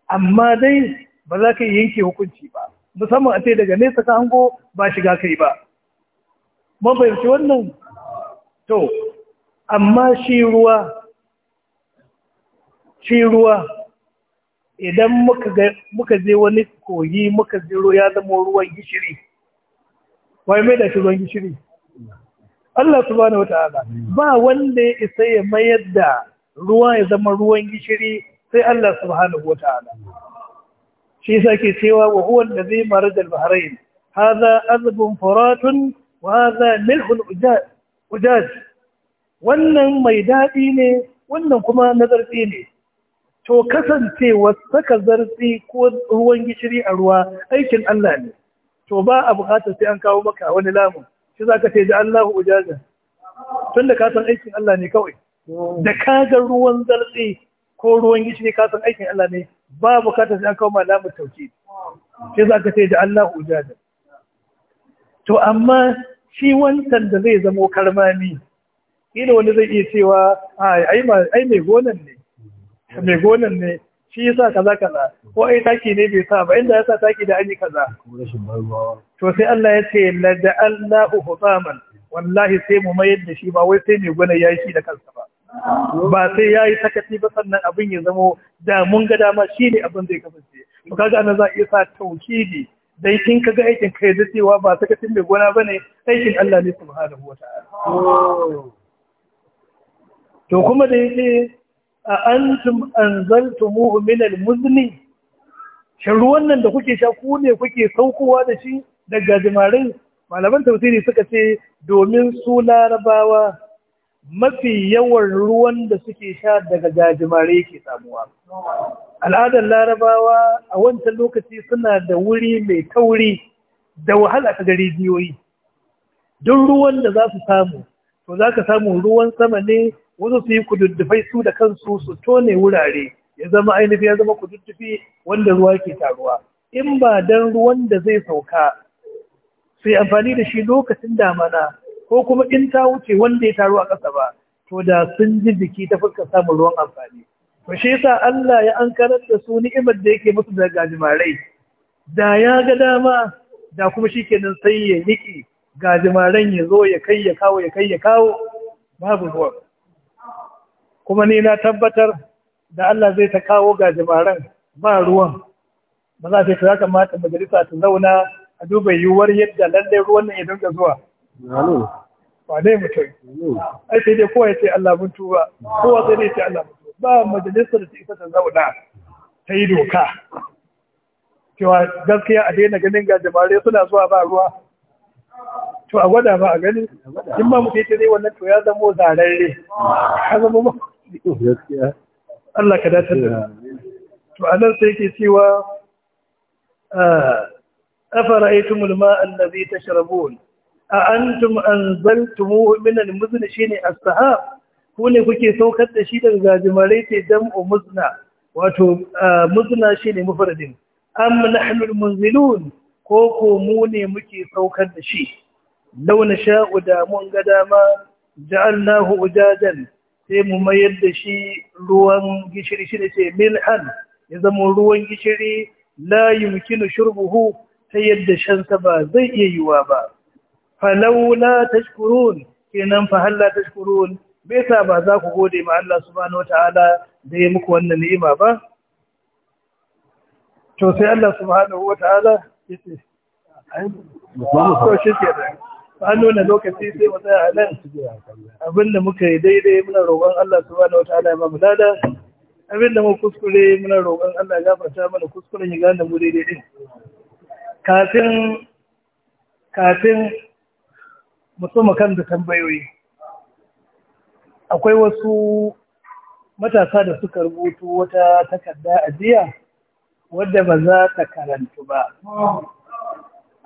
S2: amma dai ba za ka yanke hukunci ba musamman a ce daga nesa ka hango ba shiga kai ba mun wannan to amma shi ruwa shi ruwa idan muka je wani kogi muka ziro ya zama ruwan gishiri wai mai da shi ruwan gishiri Allah subhanahu wata'ala ba wanda ya isa ya mayar da ruwa ya zama ruwan gishiri sai Allah subhanahu wata'ala shi yasa ke cewa wa huwa allazi marajal bahrain hadha azbun furatun wa hadha milhun ujaj Kudaj, wannan mai daɗi ne wannan kuma na zarfi ne to kasancewa saka zarfi ko ruwan gishiri a ruwa aikin Allah ne to ba a bukatar sai an kawo maka wani lamun shi za ka teji Allahu ujajen. tun da ka san aikin Allah ne kawai da ka ga ruwan zarfi ko ruwan gishiri ka san aikin Allah ne ba a bukatar sai an kawo malamin tauki shi za ka teji Allahu ujajen. to amma shi wancan da zai zamo karmami Ina wani zai iya cewa ai mai gonan ne mai gonan ne shi yasa kaza kaza ko ai taki ne bai sa ba inda yasa taki da an yi kaza to sai Allah ya ce la da Allahu hutaman wallahi sai mu mayar da shi ba wai sai mai gona yayi shi da kansa ba ba sai yayi sakati ba sannan abin ya zamo da mun ga dama shine abin zai kasance to kaga ana za a iya sa tauhidi dai kin kaga aikin kai da cewa ba sakacin mai gona bane aikin Allah ne subhanahu wata'ala to kuma da yake a antum anzaltumuhu min almuzni shin ruwan nan da kuke sha ku ne kuke saukowa da shi daga jimarin malaman tafsiri suka ce domin su larabawa mafi yawan ruwan da suke sha daga jajimare ke samuwa al'adar larabawa a wancan lokaci suna da wuri mai tauri da wahala ta gari biyoyi don ruwan da za su samu to za ka samu ruwan sama ne wasu su yi kududdufai su da kansu su tone wurare ya zama ainihi ya zama kududdufi wanda ruwa ke taruwa in ba dan ruwan da zai sauka sai amfani da shi lokacin damana ko kuma in ta wuce wanda ya taru a ƙasa ba to da sun ji jiki ta fuska samun ruwan amfani Ba shi yasa Allah ya ankarar da su ni'imar da yake musu daga gajimarai da ya ga dama da kuma shi kenan sai ya niƙi gajimaran ya zo ya kai ya kawo ya kai ya kawo babu ruwan kuma ni na tabbatar da Allah zai ta kawo gajimaran ba ruwan ba za ta kamata majalisa ta zauna a duba yiwuwar yadda lallai ruwan nan ya dinga zuwa wane mutum ai sai dai kowa ya ce Allah mun tuba kowa sai dai ya ce Allah mun tuba ba majalisar da ita ta zauna ta yi doka cewa gaskiya a daina ganin gajimare suna zuwa ba ruwa to a gwada ba a gani in ba mutum ya ce wannan to ya zamo zararre ka zama ba Allah ka dace da to anan sai yake cewa ah, afara'aytumul ma'a allazi tashrabun a antum anzaltumuhu min al-muzn shine as-sahab ku ne kuke saukar da shi daga gajimare ce jam'u muzna wato muzna shine mufradin am nahnu al-munzilun ko ko mu ne muke saukar da shi law nasha'u da mun ga dama ja'alnahu ujajan sai mu mayar da shi ruwan gishiri shine ce milhan ya zama ruwan gishiri la yumkinu shurbuhu ta yadda shansa ba zai iya yiwa ba falaula tashkurun kenan fa halla tashkurun bai sa ba za ku gode ma Allah subhanahu wataala da ya muku wannan ni'ima ba to sai Allah subhanahu wataala yace
S1: to shi
S2: nuna lokaci sai mu tsaya a nan abinda muka yi daidai muna roƙon Allah subhanahu wataala ya ba mu lada abinda mu kuskure muna roƙon Allah ya gafarta mana kuskuren ya gane mu daidai din kafin kafin musamman kan da tambayoyi akwai wasu matasa da suka rubutu wata takarda a jiya wadda ba za ta karantu ba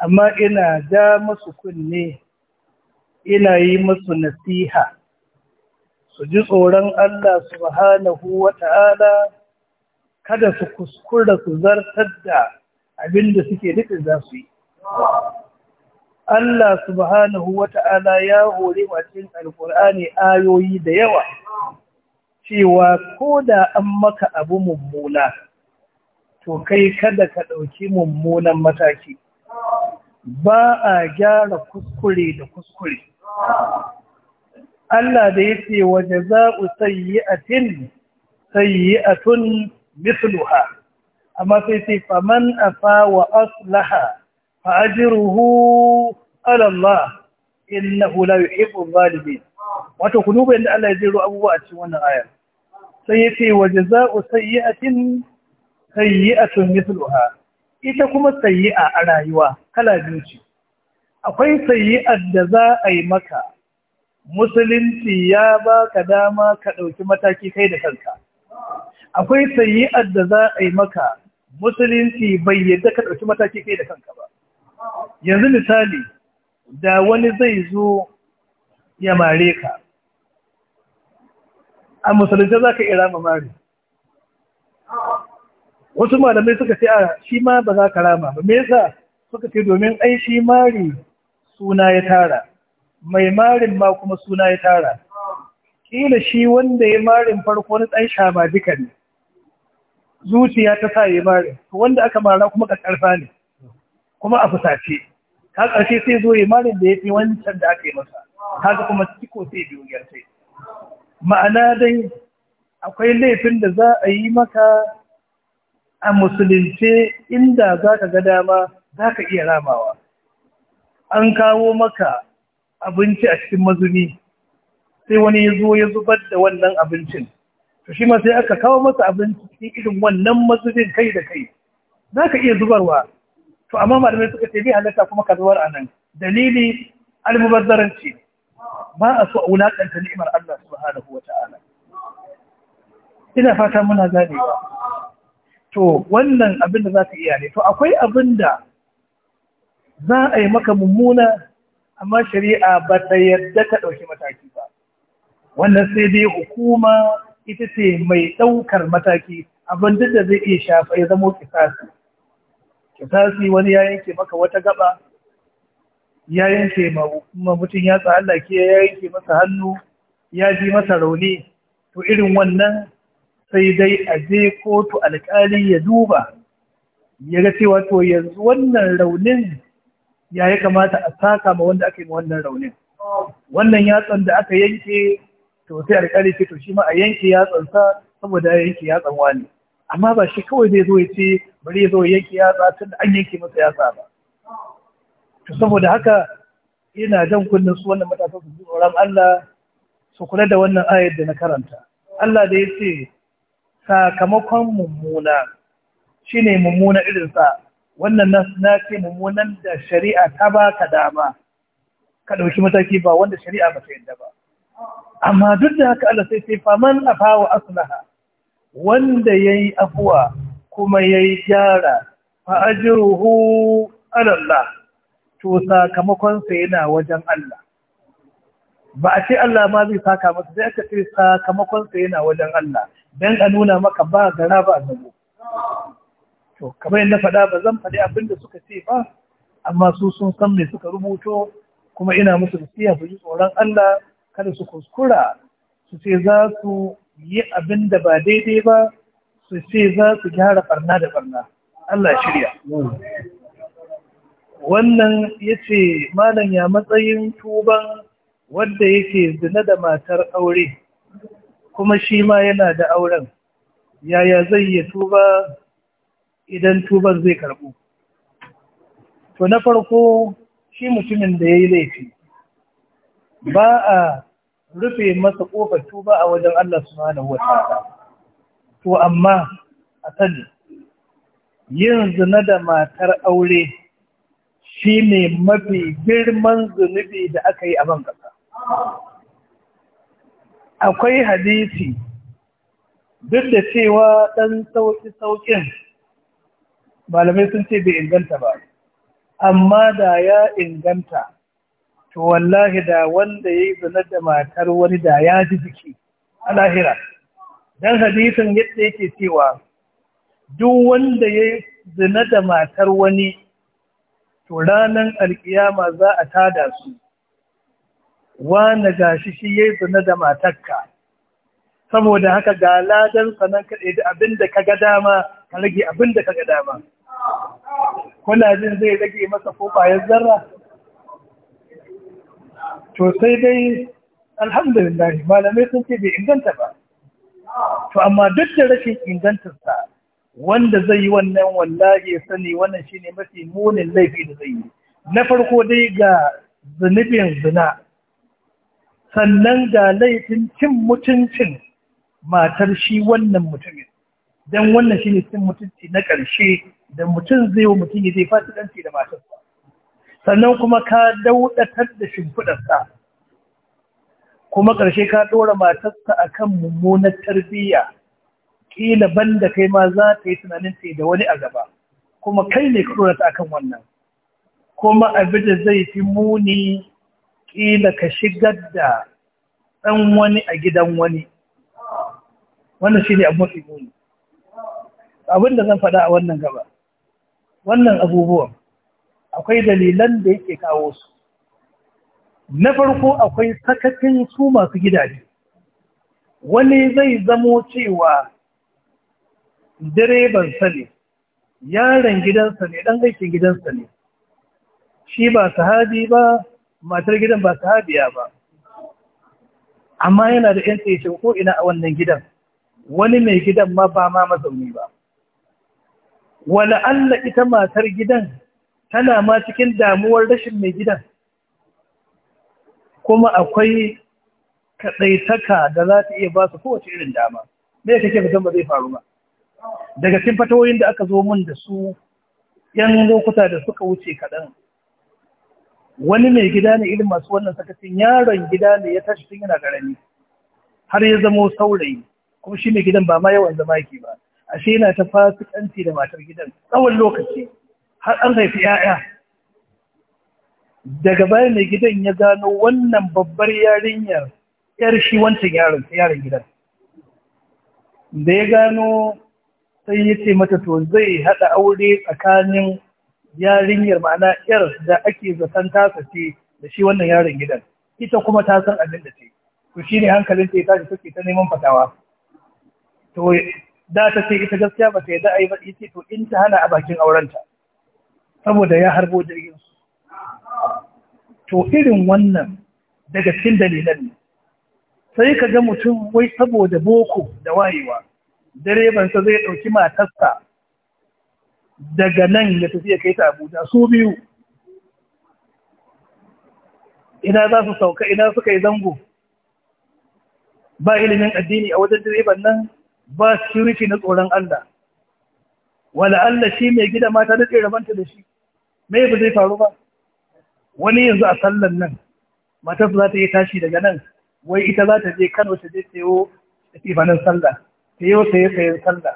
S2: amma ina ja masu kunne ina yi masu nasiha su ji tsoron Allah subhanahu wa ta'ala kada su kuskura su zartar da abin da suke nufin za su yi Allah subhanahu wa ta'ala ya hori wa cikin alkur'ani ayoyi da yawa cewa ko da an maka abu mummuna to kai kada ka ɗauki mummunan mataki ba a gyara kuskure da kuskure Allah da ya ce za yi a tun misluha, amma sai sai faman afa wa aslaha fa Inna innahu la yuhibbu zalimin wato ku duba yadda Allah ya jero abubuwa a cikin wannan ayar sai yace wa jazaa'u sayyi'atin sayyi'atun mithluha ita kuma sayyi'a a rayuwa kala biyu ce akwai sayyi'ar da za a yi maka musulunci ya baka dama ka ɗauki mataki kai da kanka akwai sayyi'ar da za a yi maka musulunci bai yadda ka ɗauki mataki kai da kanka ba yanzu misali da wani zai zo ya mare ka a musulunci za ka iya rama wasu malamai suka ce a shi ma ba za ka rama ba me suka ce domin ai shi mari suna ya tara mai marin ma kuma suna ya tara ƙila shi wanda ya marin farko na ɗan shama duka ne zuciya ta sa ya marin wanda aka mara kuma ƙarƙarfa ne kuma a fusace ka ƙarshe sai zo imanin da ya fi wancan da aka yi masa kaga kuma ciko sai biyu sai. ma'ana dai akwai laifin da za a yi maka a musulunce inda za ka ga dama za ka iya ramawa an kawo maka abinci a cikin mazuni sai wani ya zo ya zubar da wannan abincin to shi ma sai aka kawo masa abinci cikin irin wannan mazunin kai da kai za ka iya zubarwa to amma malamai suka ce bi halatta kuma ka anan dalili almubazzaranci ba a so a wulakanta ni'imar Allah subhanahu wata'ala ina fata muna gane ba to wannan abin da zaka iya ne to akwai abin da za a yi maka mummuna amma shari'a ba ta yadda ta ɗauki mataki ba wannan sai dai hukuma ita ce mai ɗaukar mataki abin duk da zai iya shafa ya zama kisasi Ka tasi wani ya yanke maka wata gaba ya yanke ma mutum ya tsa Allah ke ya yanke masa hannu ya ji masa rauni to irin wannan sai dai a je kotu alƙali ya duba ya ga cewa to yanzu wannan raunin ya yi kamata a saka ma wanda aka yi wannan raunin wannan yatsan da aka yanke to sai alƙali ce to shi ma a yanke yatsansa saboda ya yanke yatsan wani amma ba shi kawai zai zo ya ce bari ya zo yanke yatsa tun an yanke masa yatsa ba to saboda haka ina jan kunnen su wannan matasa su ji tsoron Allah su kula da wannan ayar da na karanta Allah da ya ce sakamakon mummuna shine mummuna irin sa wannan na ce mummunan da shari'a ta baka dama
S1: ka ɗauki mataki ba wanda shari'a
S2: ba ta yadda ba amma duk da haka Allah sai sai faman afawa aslaha wanda ya yi afuwa kuma ya yi gyara fa'ajiruhu alallah to sakamakonsa yana wajen Allah ba a ce Allah ma zai saka masa sai aka ce sakamakonsa yana wajen Allah don a nuna maka ba gara ba a zabo to kamar yadda faɗa ba zan faɗi abin da suka ce ba amma su sun san me suka rubuto kuma ina musu da su ji tsoron Allah kada su kuskura su ce za su yi abin da ba daidai ba su ce za su gyara barna da barna Allah shirya wannan ya ce malam ya matsayin tuban wadda yake zina da matar aure kuma shi ma yana da auren yaya zai yi tuba idan tuban zai karbu to na farko shi mutumin da ya yi laifi ba a rufe masa kofar tuba a wajen Allah subhanahu wataala to amma a sani yin zina da matar aure shi ne mafi girman zunubi da aka yi a ban ƙasa. Akwai hadisi duk da cewa ɗan sauƙi-sauƙin malamai sun ce bai inganta ba, amma da ya inganta to wallahi da wanda ya yi zina da matar wani da ya ji jiki a lahira don hadisin yadda yake cewa duk wanda ya yi zina da matar wani to ranar alkiyama za a tada su wanda gashi shi ya yi zina da matarka saboda haka ga ladan sanan kaɗai da abin da ka ga dama ka rage abinda ka ga dama kuna jin zai rage masa ko bayan zarra to sai dai alhamdulillah malamai sun ce bai inganta ba to amma duk da rashin ingantarsa wanda zai yi wannan wallahi ya sani wannan shine mafi munin laifi da zai yi na farko dai ga zunubin zina sannan ga laifin cin mutuncin matar shi wannan mutumin don wannan shi ne cin mutunci na ƙarshe da mutum zai wa mutum ya zai fasikanci da matarsa sannan kuma ka dauɗatar da shimfiɗarsa kuma ƙarshe ka ɗora matarsa a kan mummunar tarbiyya ƙila banda kai ma za ta yi tunanin ta da wani a gaba kuma kai ne ka ɗora ta a kan wannan kuma abinda zai fi muni ƙila ka shigar da ɗan wani a gidan wani wannan shi ne abu mafi muni abin zan faɗa a wannan gaba wannan abubuwan akwai dalilan da yake kawo su na farko akwai sakafin su masu gidaje wani zai zamo cewa direbansa ne yaron gidansa ne ɗan aikin gidansa ne shi ba sahabi ba matar gidan ba sahabiya ba amma yana da 'yan ya ko ina a wannan gidan wani mai gidan ma ba ma mazauni ba wala Allah ita matar gidan tana ma cikin damuwar rashin mai gidan kuma akwai kaɗaitaka da za ta iya ba su kowace irin dama me kake fitan ba zai faru ba daga cikin fatawoyin da aka zo mun da su yan lokuta da suka wuce kaɗan wani mai gida ne irin masu wannan sakacin yaron gida ne ya tashi tun yana ƙarami har ya zamo saurayi kuma shi mai gidan ba ma yawan zama yake ba ashe yana ta fasikanci da matar gidan tsawon lokaci har an haifi ‘ya'ya daga bayan mai gidan ya gano wannan babbar yarinyar ‘yar shi wancan yaron gidan da ya gano sai ya ce mata to zai haɗa aure tsakanin yarinyar ma'ana ‘yar da ake zaton tasa ce da shi wannan yaron gidan ita kuma ta san abin da ce to shi ne hankalin ta ya tashi suke ta neman fatawa to da ta ce ita gaskiya ba ta da a yi ba ita to in ta hana a bakin aurenta saboda ya harbo jirgin su to irin wannan daga cikin dalilan ne sai ka ga mutum wai saboda boko da wayewa direbansa zai ɗauki matarsa daga nan ya tafi ya kai ta abuja su biyu ina za su sauka ina suka yi zango ba ilimin addini a wajen direban nan ba security na tsoron Allah wala Allah shi mai gida mata da rabanta da shi Mai ba zai faru ba wani yanzu a sallan nan matarsa za ta yi tashi daga nan wai ita za ta je Kano ta je sayo ifanin sallah sayo sayo sayo sallah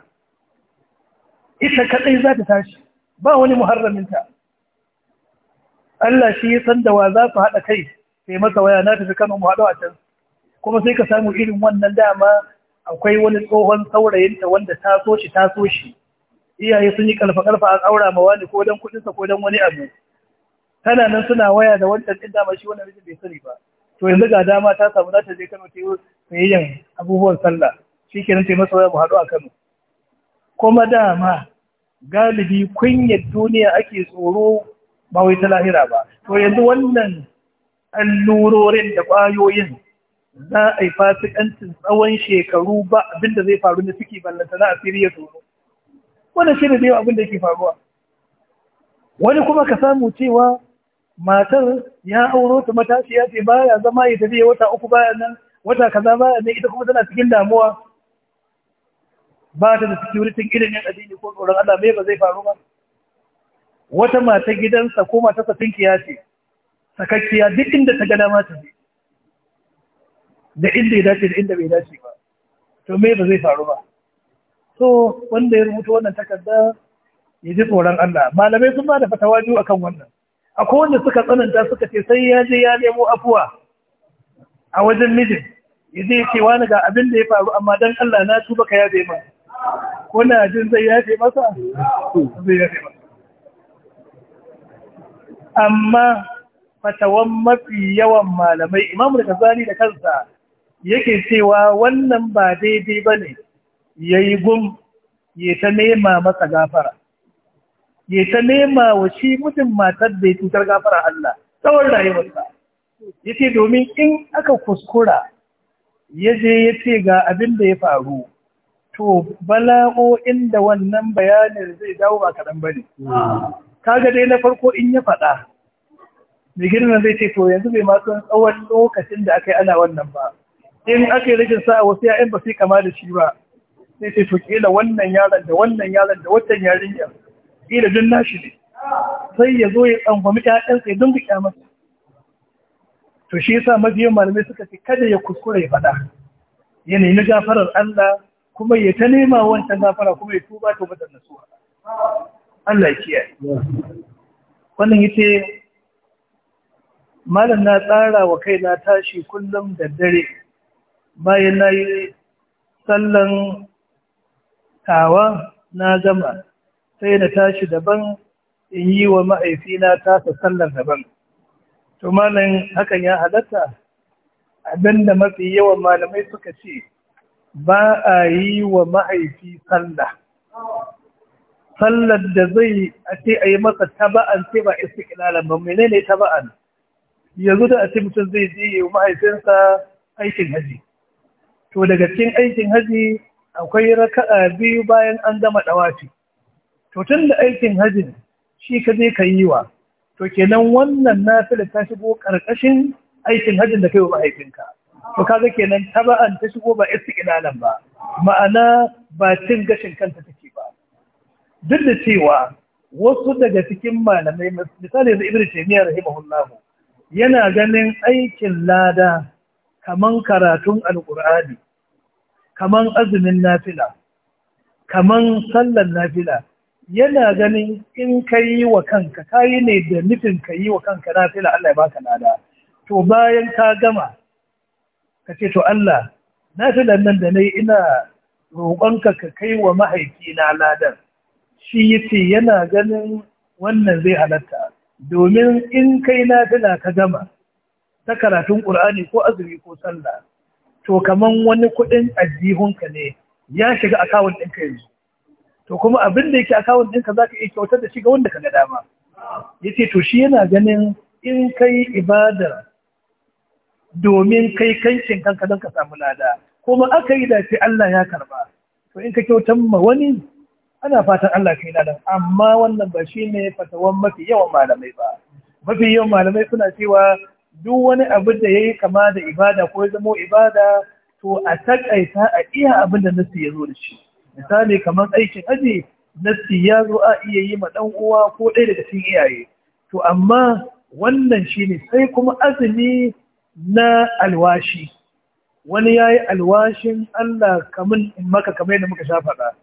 S2: ita kadai za ta tashi ba wani muharraminta Allah shi ya san da wa za su haɗa kai sai masa waya na tafi Kano mu haɗu a can kuma sai ka samu irin wannan dama akwai wani tsohon saurayinta wanda ta so shi ta so shi iyaye sun yi kalfa-kalfa an aura ma wani ko don kudinsa ko don wani abu tana nan suna waya da wani ɗanɗin dama shi wani rikin bai sani ba to yanzu ga dama ta samu za ta je kano ta yi sayayyan abubuwan sallah shi ke nan ta yi waya haɗu a kano kuma dama galibi kunyar duniya ake tsoro ba wai ta lahira ba to yanzu wannan allurorin da ƙwayoyin za a yi fasikancin tsawon shekaru ba abinda zai faru na ciki ballantana a siriya tsoro wanda shi ne da yawa abin da yake faruwa wani kuma ka samu cewa matar ya auro ta matashiya ce ba ya zama ya tafi wata uku bayan nan wata kaza baya ne ita kuma tana cikin damuwa ba ta da security irin yan adini ko tsoron Allah me ba zai faru ba wata mata gidansa ko mata sa tinkiya ce sakakkiya duk inda ta gada ma ta da inda ya dace da inda bai dace ba to me ba zai faru ba so wanda ya rubuta wannan takarda ya ji tsoron Allah malamai sun ba da fatawa biyu akan wannan akwai wanda suka tsananta suka ce sai ya je ya nemo afuwa a wajen mijin ya je ce wani ga abin da ya faru amma dan Allah na tuba ka yafe Ko na jin zai yafe masa zai yafe masa amma fatawan mafi yawan malamai imam da da kansa yake cewa wannan ba daidai ba ne ya yi gum ya ta nema masa gafara ya ta nema wa shi mutum matar da ya cutar gafara Allah tsawon rayuwarsa ya ce domin in aka kuskura ya je ya ce ga abin da ya faru to bala'o'in da wannan bayanin zai dawo ba kaɗan ba ne kaga dai na farko in ya faɗa mai girma zai ce to yanzu bai masu tsawon lokacin da aka yi ana wannan ba in aka yi rikin sa'a wasu ya'yan ba su kama da shi ba sai ce to kila wannan yaron da wannan yaron da wannan yarinyar kila duk nashi ne sai ya zo ya tsangwami ƴaƴansa ya dinga masa. to shi yasa mabiyan malamai suka ce kada ya kuskure ya faɗa yanayi na gafarar Allah kuma ya ta nema wancan gafara kuma ya tuba ta bada nasuwa Allah ya kiyaye wannan yace malam na tsara wa kaina tashi kullum da dare bayan nayi sallan tawa na gama sai na tashi daban in yi wa ma'aifina tasa sallar daban to malam hakan ya halatta abinda mafi yawan malamai suka ce ba a yi wa ma'aifi sallah sallar da zai a ce a yi masa taba'an ce ba istiqlalan ba ne taba'an yanzu da a ce mutum zai je yi wa mahaifinsa aikin haji to daga cikin aikin haji akwai raka'a biyu bayan an gama dawafi to tun da aikin hajjin shi ka je ka yi wa to kenan wannan nafila ta shigo ƙarƙashin aikin hajjin da kai wa mahaifinka to kaga kenan taba'an ta shigo ba istiqlalan ba ma'ana ba cin gashin kanta take ba duk da cewa wasu daga cikin malamai misali da ibnu taymiya rahimahullah yana ganin aikin lada kaman karatun alqur'ani kaman azumin nafila kaman sallar nafila yana ganin in ka yi wa kanka ka yi ne da nufin ka yi wa kanka nafila Allah ya baka lada to bayan ka gama ka ce to Allah nafilan nan da nayi ina roƙonka ka kai wa mahaifina ladan shi yace yana ganin wannan zai halatta domin in kai nafila ka gama ta karatun Ƙur'ani ko azumi ko sallah to kaman wani kuɗin ajihunka ne ya shiga akawun ɗinka yanzu to kuma abin da yake akawun ɗinka za ka iya kyautar da shi wanda ka ga dama ya ce to shi yana ganin in kai ibadar domin kai kankin kanka don ka samu lada kuma aka yi dace Allah ya karba to in ka kyautar ma wani ana fatan Allah kai lada, amma wannan ba shi ne fatawan mafi yawan malamai ba mafi yawan malamai suna cewa duk wani abin da ya yi kama da ibada ko ya zamo ibada to a takaita a iya abin da nasi ya zo da shi misali kamar aikin aji nasi ya zo a iya yi ma dan uwa ko ɗaya daga cikin iyaye to amma wannan shi ne sai kuma azumi na alwashi wani ya yi alwashin Allah kamun in maka kamar yadda muka sha faɗa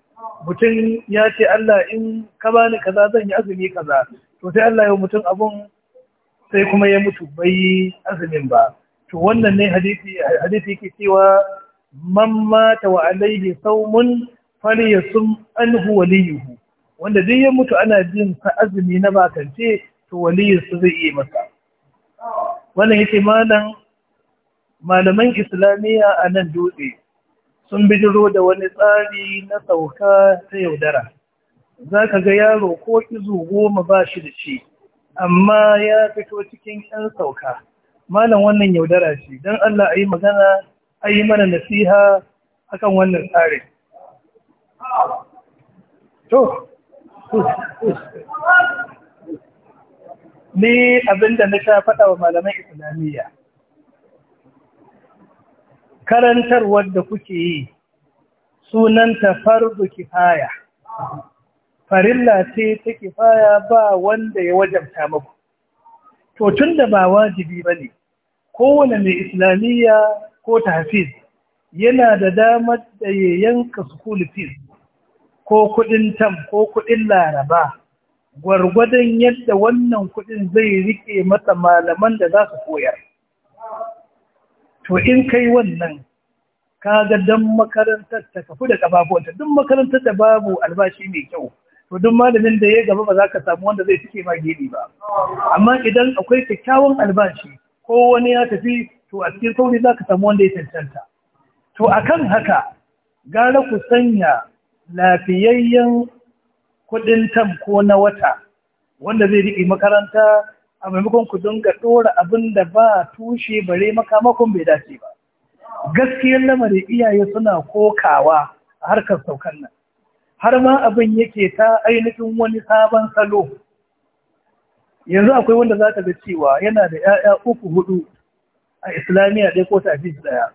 S2: mutum ya ce Allah in ka bani kaza zan yi azumi kaza to sai Allah ya mutum abun sai kuma ya mutu bai azumin ba to wannan ne hadithi hadisi cewa man mata wa alaihi ya sun anhu waliyuhu wanda duk ya mutu ana jin sa azumi na bakance to waliyin zai iya masa wannan yake malam malaman islamiyya a nan dutse sun bijiro da wani tsari na sauka ta yaudara za ka ga yaro ko izu goma ba shi da shi amma ya fito cikin ƴan sauka malam wannan yaudara shi, don Allah a yi magana a yi mana nasiha akan wannan tsari to ni abinda na sha faɗa wa malaman islamiyya karantarwar da kuke yi sunanta fardu kifaya farilla ce ta kifaya ba wanda ya wajabta muku to tun da ba wajibi ba ne kowane mai islamiyya ko ta hafiz yana da damar da ya yanka school fees ko kudin tam ko kudin laraba gwargwadon yadda wannan kudin zai rike mata malaman da za su koyar
S1: to in kai wannan
S2: kaga dan makarantar ta kafu da kafafuwanta duk makarantar da babu albashi mai kyau to malamin da ya gaba ba za ka samu wanda zai cike ma gidi ba amma idan akwai kyakkyawan albashi ko wani ya tafi to a cikin sauri za ka samu wanda ya cancanta to akan haka gara ku sanya lafiyayyen kudin tam ko na wata wanda zai riƙe makaranta a maimakon ku dinga ɗora abin da ba tushe bare makamakon bai dace ba gaskiyar lamarin iyaye suna kokawa a harkar saukan nan har ma abin yake ta ainihin wani sabon salo yanzu akwai wanda za ka ga cewa yana da 'ya'ya uku hudu a islamiyya ɗaya ko fiye ɗaya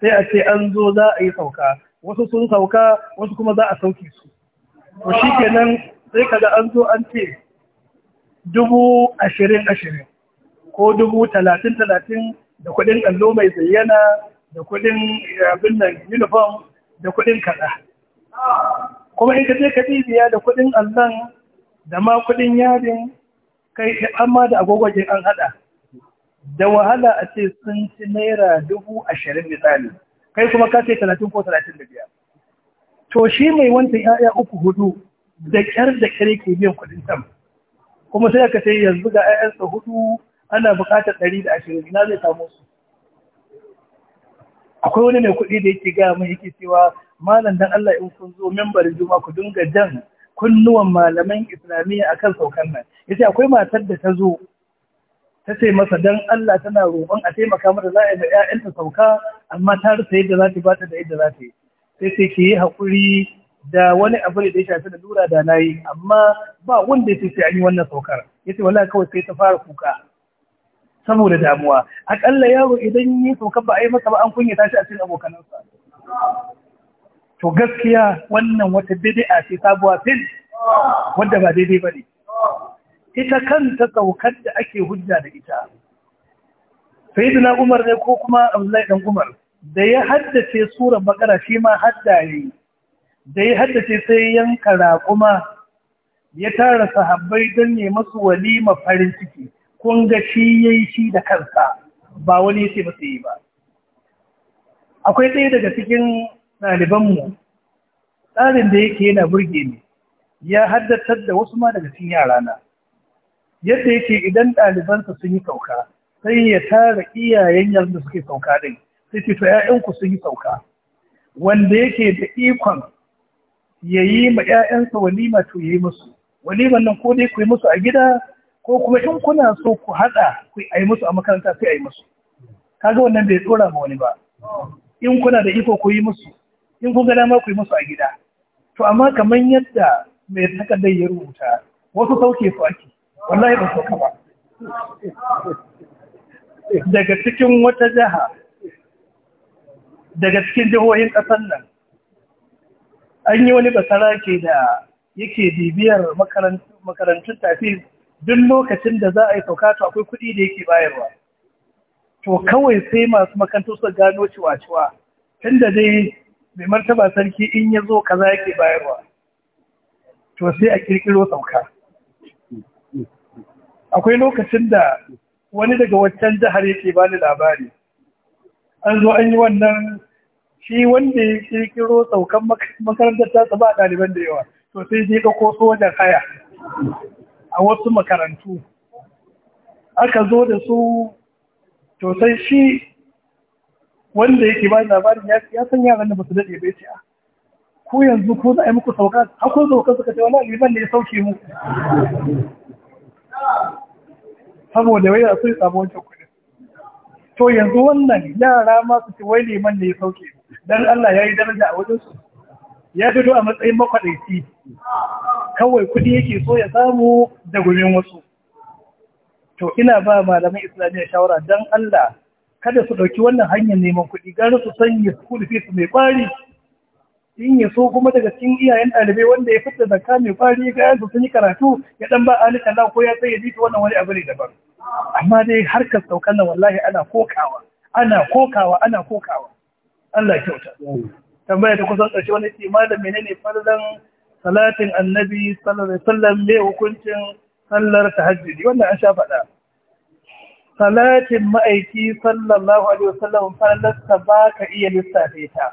S2: sai a ce an zo za a yi sauka wasu sun sauka wasu kuma za a sauke su to shi kenan sai kaga an zo an ce dubu ashirin ashirin ko dubu talatin talatin da kuɗin allo mai zayyana da kuɗin abin nan uniform da kuɗin kaɗa kuma in ka je ka dibiya da kuɗin allon da ma kuɗin yarin kai amma da agwagwaje an haɗa da wahala a ce sun ci naira dubu ashirin misali kai kuma ka ce talatin ko talatin da biyar to shi mai wancan ya'ya uku hudu da kyar da kyar ke biyan kuɗin tam kuma sai aka ce yanzu ga 'ya'yansa hudu ana buƙatar ɗari da ashirin ina zai samu su akwai wani mai kuɗi da yake gaya mai yake cewa malam dan Allah in kun zo membarin juma ku dinga jan kunnuwan malaman islamiyya akan saukan nan yace akwai matar da ta zo ta ce masa dan Allah tana roƙon a taimaka mata za a yi ƴaƴanta sauka amma ta rasa yadda za ta ba ta da yadda za ta yi sai sai ke yi haƙuri da wani abu da ya shafi da lura da nayi amma ba wanda ya ce sai an yi wannan saukar yace wallahi kawai sai ta fara kuka saboda damuwa akalla yaro idan yi saukar ba a yi masa ba an kunya tashi a cikin abokanansa to gaskiya wannan wata bid'a ce sabuwa fil wanda ba daidai ne. ita kanta saukar da ake hujja da ita sayyidina Umar ne ko kuma Abdullahi dan Umar da ya haddace surar bakara shi ma hadda ne, da ya haddace sai yanka raƙuma ya tara sahabbai don ne masu walima farin ciki kun ga shi yayi shi da kansa ba wani ce ba sai ba akwai ɗaya daga cikin ɗalibanmu tsarin da yake yana burge ni ya haddatar da wasu ma daga cikin yarana yadda yake idan ɗalibansa sun yi sauka sai ya tara iyayen yanzu suke sauka din sai ce to ƴaƴanku sun yi sauka wanda yake da ikon ya yi ma ƴaƴansa walima to ya yi musu waliman nan ko dai ku yi musu a gida ko kuma in kuna so ku haɗa ku yi musu a makaranta sai a yi musu kaga wannan bai tsora ma wani ba in kuna da iko ku yi musu in kun gada ma ku yi musu a gida to amma kamar yadda mai takardar ya rubuta wasu sauke su ake wallahi ba ka ba daga cikin wata jiha daga cikin jihohin ƙasar nan an yi wani basara ke da yake bibiyar makarantun tafi duk lokacin da za a yi sauka to akwai kuɗi da yake bayarwa to kawai sai masu makarantu su gano ciwa-ciwa tun da dai mai martaba sarki in ya zo kaza yake bayarwa to sai a kirkiro sauka akwai lokacin da wani daga waccan jihar yake ni labari an zo an yi wannan shi wanda ya kirkiro saukan makarantar tasa ba ɗaliban da yawa to sai je ɗauko wajen haya a wasu makarantu aka zo da su to sai shi wanda yake ba labarin ya san yaran da ba su daɗe bai ce a ah, ko yanzu ko za a yi muku sauka ko sauka suka ce wani liban ne ya sauke mu saboda wai a sai samu wancan to yanzu wannan yara ma su ce wai liman ne ya sauke dan Allah ya yi daraja a wajen su ya fito a matsayin makwaɗaici kawai kuɗi yake so ya samu da gumin wasu to ina ba malamin islamiyya shawara dan Allah kada su ɗauki wannan hanyar neman kuɗi gara su sanya school fees mai ƙwari in ya so kuma daga cikin iyayen ɗalibai wanda ya fitar da mai ƙwari ga 'yan sun yi karatu ya ɗan ba alika Allah ko ya sai ya jita wannan wani abu ne daban amma dai harkar saukan nan wallahi ana kokawa ana kokawa ana kokawa Allah kyauta tambaya ta kusan ƙarshe wani ce malam menene farzan salatin annabi sallallahu alaihi wasallam me hukuncin sallar tahajjudi wannan an sha faɗa salatin ma'aiki sallallahu alaihi wasallam farlarsa ba ka iya lissafe ta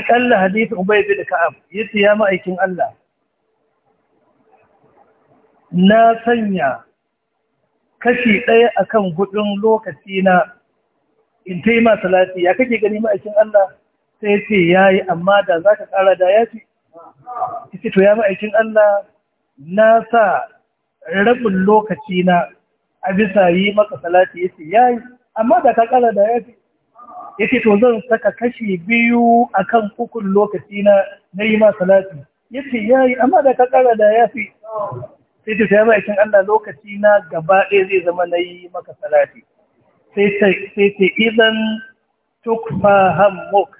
S2: aƙalla hadith ubai bin ka'ab yace ya ma'aikin Allah na sanya kashi ɗaya akan gudun lokaci na in ta yi ma salati ya kake gani ma'aikin Allah sai ce ya yi amma da za ka ƙara da ya ce ya ma'aikin Allah na sa rabin lokaci na a bisa yi maka salati yace yayi amma da ka kara da ya ya ce to zan saka kashi biyu a kan ukun lokaci na na yi ma salati yace yayi amma da ka kara da ya fi. sai ta sai mai kin Allah lokaci na gaba ɗaya zai zama na yi maka salati sai ta sai ta idan tukfa hammuk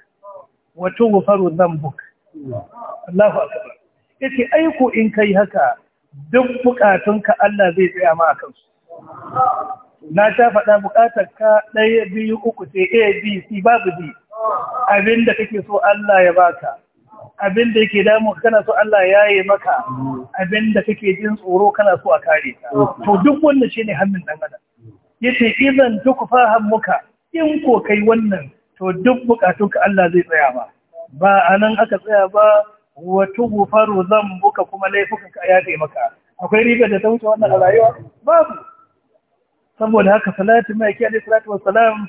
S2: wa tughfaru dhanbuk Allahu akbar ce aiko in kai haka duk bukatunka Allah zai tsaya ma akan su na sha faɗa buƙatar ka ɗaya biyu uku ce a b c babu d abin da kake so Allah ya baka abin da yake damu kana so Allah ya yi maka abin da kake jin tsoro kana so a kare ka to duk wannan shine hannun ɗan adam yace idan duk fahan muka in ko kai wannan to duk ka Allah zai tsaya ba ba anan aka tsaya ba wa faru zan buka kuma laifuka ya taimaka akwai riba da ta wuce wannan a rayuwa babu saboda haka salatu mai ke alaihi salatu wassalam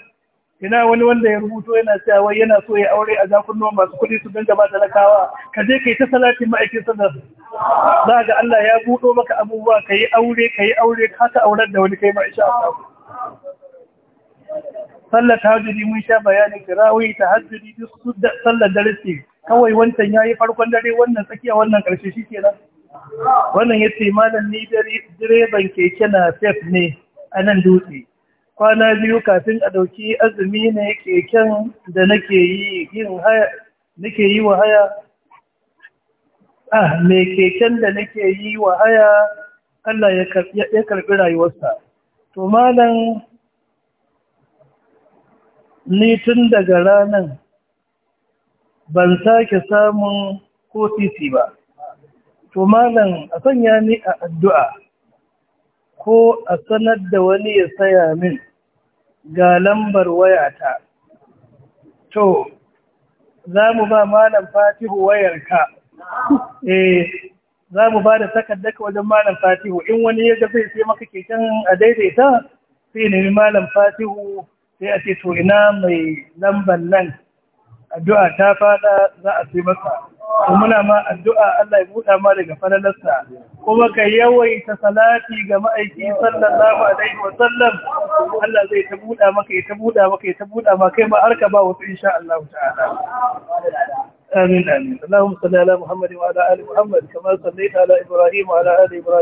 S2: ina wani wanda ya rubuto yana cewa wai yana so ya aure a zakunnuwan masu kuɗi su dinga ba talakawa ka je kai ta salatin ke sanar za ga Allah ya buɗo maka abubuwa ka yi aure ka yi aure haka auren da wani kai ma insha Allah sallar tahajjudi mun sha bayanin tahajjudi duk su sallar darasi. kawai wancan yayi farkon dare wannan tsakiya wannan karshe nan. wannan yace malam ni dare. direban keke na safe ne a nan dutse kwana biyu kafin a ɗauki azumi ne keken da nake yi wa haya ah me keken da nake yi wa haya Allah ya karɓi rayuwarsa to malam ni tun daga ranar ban sake samun ko titi ba to malam a sanya ni a addu'a ko a sanar da wani ya saya min ga lambar wayata to za mu ba malam fatihu wayarka eh za mu ba da takardaka wajen malam fatihu in wani ya zai sai maka keken a daidaita sai nemi malam fatihu sai a ce to ina mai lambar nan addu'a ta fada za a sai masa to muna ma addu'a Allah ya buɗa ma daga falalarsa kuma ka yawaita salati ga ma'aiki sallallahu alaihi wa sallam Allah zai ta buɗa maka ya ta buɗa maka ya ta buɗa maka kai ma harka ba wasu insha Allah ta'ala آمين آمين اللهم صل على محمد وعلى آل محمد كما صليت على إبراهيم وعلى آل إبراهيم